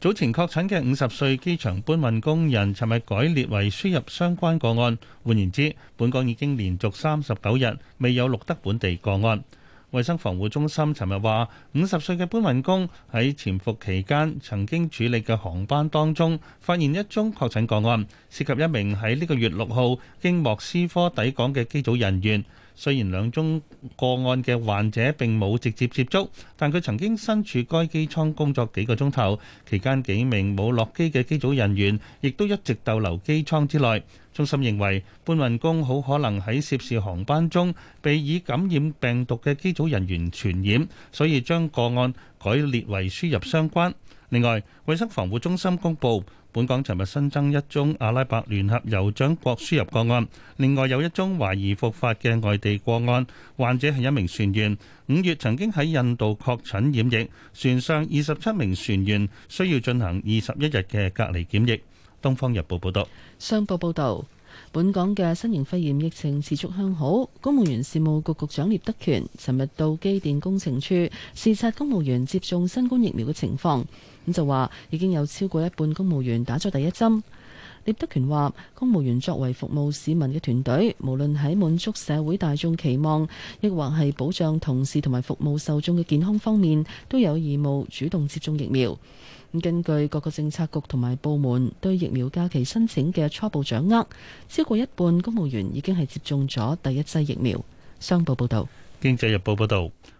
早前確診嘅五十歲機場搬運工人，尋日改列為輸入相關個案。換言之，本港已經連續三十九日未有錄得本地個案。衛生防護中心尋日話，五十歲嘅搬運工喺潛伏期間曾經處理嘅航班當中，發現一宗確診個案，涉及一名喺呢個月六號經莫斯科抵港嘅機組人員。雖然兩宗個案嘅患者並冇直接接觸，但佢曾經身處該機艙工作幾個鐘頭，期間幾名冇落機嘅機組人員亦都一直逗留機艙之內。中心認為搬運工好可能喺涉事航班中被以感染病毒嘅機組人員傳染，所以將個案改列為輸入相關。另外，衞生防護中心公布。本港尋日新增一宗阿拉伯聯合酋長國輸入個案，另外有一宗懷疑復發嘅外地個案，患者係一名船員，五月曾經喺印度確診染，染疫，船上二十七名船員需要進行二十一日嘅隔離檢疫。《東方日報》報道。商報報道，本港嘅新型肺炎疫情持續向好，公務員事務局局長聶德權尋日到機電工程處視察公務員接種新冠疫苗嘅情況。咁就話已經有超過一半公務員打咗第一針。聶德權話：公務員作為服務市民嘅團隊，無論喺滿足社會大眾期望，亦或係保障同事同埋服務受眾嘅健康方面，都有義務主動接種疫苗。咁根據各個政策局同埋部門對疫苗假期申請嘅初步掌握，超過一半公務員已經係接種咗第一劑疫苗。商報報道。經濟日報報道。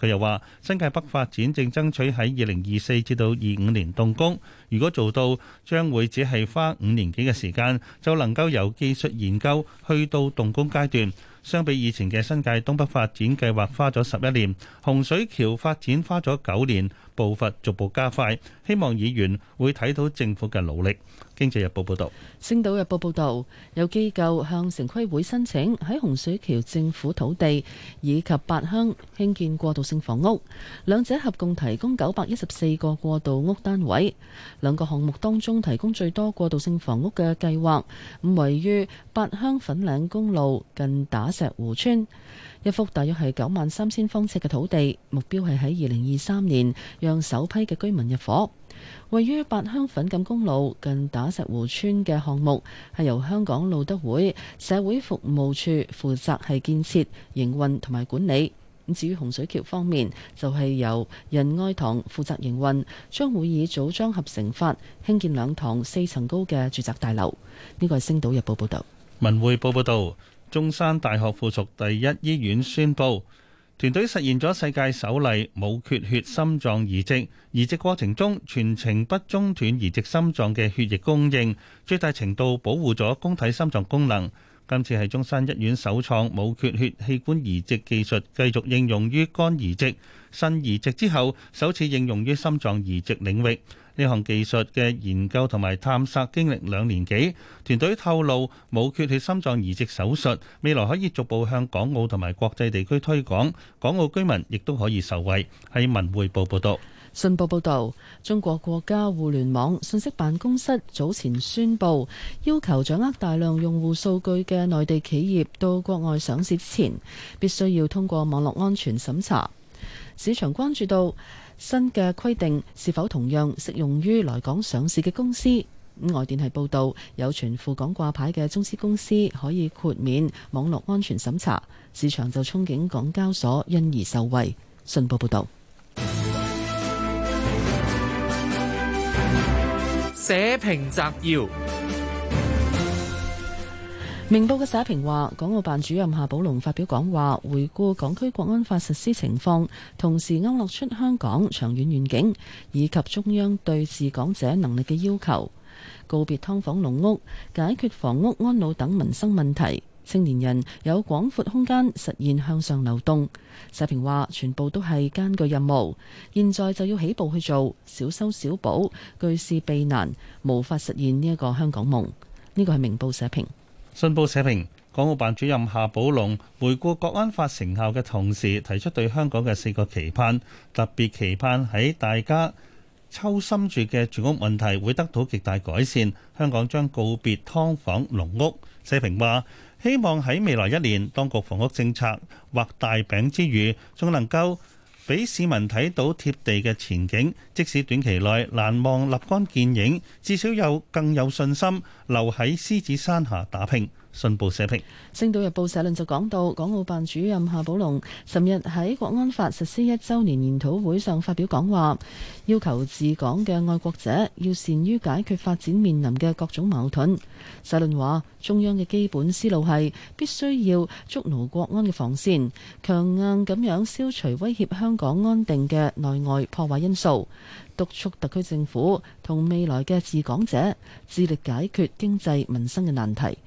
佢又話：新界北發展正爭取喺二零二四至到二五年動工，如果做到，將會只係花五年幾嘅時間，就能夠由技術研究去到動工階段。相比以前嘅新界東北發展計劃花咗十一年，洪水橋發展花咗九年，步伐逐步加快，希望議員會睇到政府嘅努力。經濟日報報道，星島日報報道，有機構向城規會申請喺洪水橋政府土地以及八鄉興建過渡性房屋，兩者合共提供九百一十四個過渡屋單位。兩個項目當中提供最多過渡性房屋嘅計劃，位於八鄉粉嶺公路近打石湖村，一幅大約係九萬三千方尺嘅土地，目標係喺二零二三年讓首批嘅居民入伙。位於八鄉粉錦公路近打石湖村嘅項目係由香港路德會社會服務處負責，係建設、營運同埋管理。至於洪水橋方面，就係、是、由仁愛堂負責營運，將會以組裝合成法興建兩幢四層高嘅住宅大樓。呢個係《星島日報》報道，《文匯報》報道，中山大學附屬第一醫院宣布。團隊實現咗世界首例冇缺血心臟移植，移植過程中全程不中斷移植心臟嘅血液供應，最大程度保護咗供體心臟功能。今次係中山一院首創冇缺血器官移植技術，繼續應用於肝移植、腎移植之後，首次應用於心臟移植領域。呢項技術嘅研究同埋探索經歷兩年幾，團隊透露冇缺血心臟移植手術，未來可以逐步向港澳同埋國際地區推廣，港澳居民亦都可以受惠。係文匯報報導。信報報導。中國國家互聯網信息辦公室早前宣布，要求掌握大量用戶數據嘅內地企業到國外上市之前，必須要通過網絡安全審查。市場關注到。新嘅規定是否同樣適用於來港上市嘅公司？外電係報道，有傳赴港掛牌嘅中資公司可以豁免網絡安全審查，市場就憧憬港交所因而受惠。信報報導。寫評摘要。明報嘅社評話，港澳辦主任夏寶龍發表講話，回顧港區國安法實施情況，同時勾勒出香港長遠願景以及中央對治港者能力嘅要求。告別劏房籠屋，解決房屋，決房屋安老等民生問題，青年人有廣闊空間實現向上流動。社評話，全部都係艱鉅任務，現在就要起步去做，小修小補，懼事避難，無法實現呢一個香港夢。呢、呢個係明報社評。信報社評，港澳辦主任夏寶龍回顧國安法成效嘅同時，提出對香港嘅四個期盼，特別期盼喺大家抽心住嘅住屋問題會得到極大改善，香港將告別劏房、籠屋。社評話，希望喺未來一年，當局房屋政策畫大餅之餘，仲能夠俾市民睇到貼地嘅前景，即使短期內難望立竿見影，至少有更有信心留喺獅子山下打拼。信報社評，《星島日報》社論就講到，港澳辦主任夏寶龍尋日喺《國安法》實施一週年研討會上發表講話，要求治港嘅愛國者要善於解決發展面臨嘅各種矛盾。社論話，中央嘅基本思路係必須要捉牢國安嘅防線，強硬咁樣消除威脅香港安定嘅內外破壞因素，督促特區政府同未來嘅治港者致力解決經濟民生嘅難題。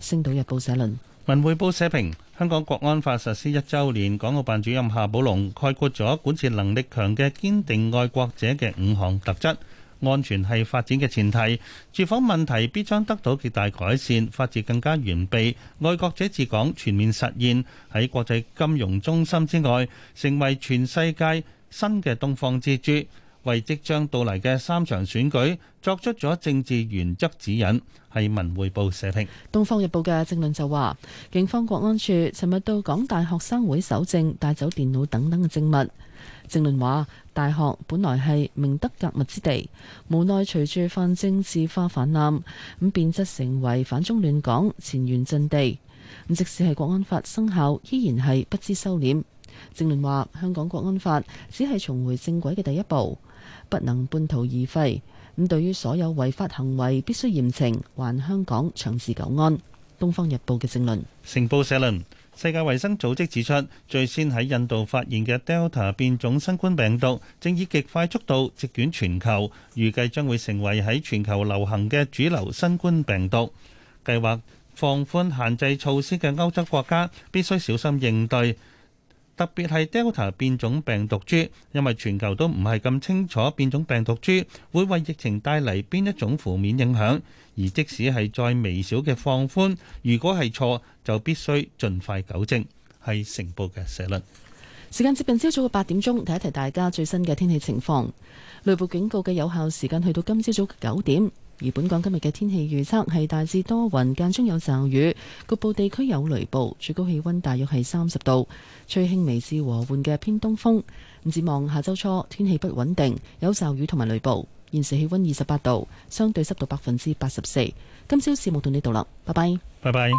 《星島日報》社論，《文匯報》社評：香港國安法實施一週年，港澳辦主任夏寶龍概括咗管治能力強嘅堅定愛國者嘅五項特質。安全係發展嘅前提，住房問題必將得到極大改善，法治更加完備，愛國者治港全面實現。喺國際金融中心之外，成為全世界新嘅東方之珠。為即將到嚟嘅三場選舉作出咗政治原則指引，係《文匯報》社評，《東方日報》嘅正論就話，警方國安處尋日到港大學生會搜證，帶走電腦等等嘅證物。正論話，大學本來係明德格物之地，無奈隨住泛政治化泛濫，咁變質成為反中亂港前沿陣地。咁即使係國安法生效，依然係不知收斂。正論話，香港國安法只係重回正軌嘅第一步。不能半途而廢。咁對於所有違法行為，必須嚴懲，還香港長治久安。《東方日報》嘅正論。《成報》社論：世界衞生組織指出，最先喺印度發現嘅 Delta 變種新冠病毒，正以極快速度席捲全球，預計將會成為喺全球流行嘅主流新冠病毒。計劃放寬限制措施嘅歐洲國家，必須小心應對。特別係 Delta 變種病毒株，因為全球都唔係咁清楚變種病毒株會為疫情帶嚟邊一種負面影響，而即使係再微小嘅放寬，如果係錯，就必須盡快糾正，係成報嘅社論。時間接近朝早嘅八點鐘，提一提大家最新嘅天氣情況，雷暴警告嘅有效時間去到今朝早九點。而本港今日嘅天氣預測係大致多雲，間中有驟雨，局部地區有雷暴，最高氣溫大約係三十度，吹輕微至和緩嘅偏東風。唔展望下周初，天氣不穩定，有驟雨同埋雷暴。現時氣溫二十八度，相對濕度百分之八十四。今朝節目到呢度啦，拜拜。拜拜。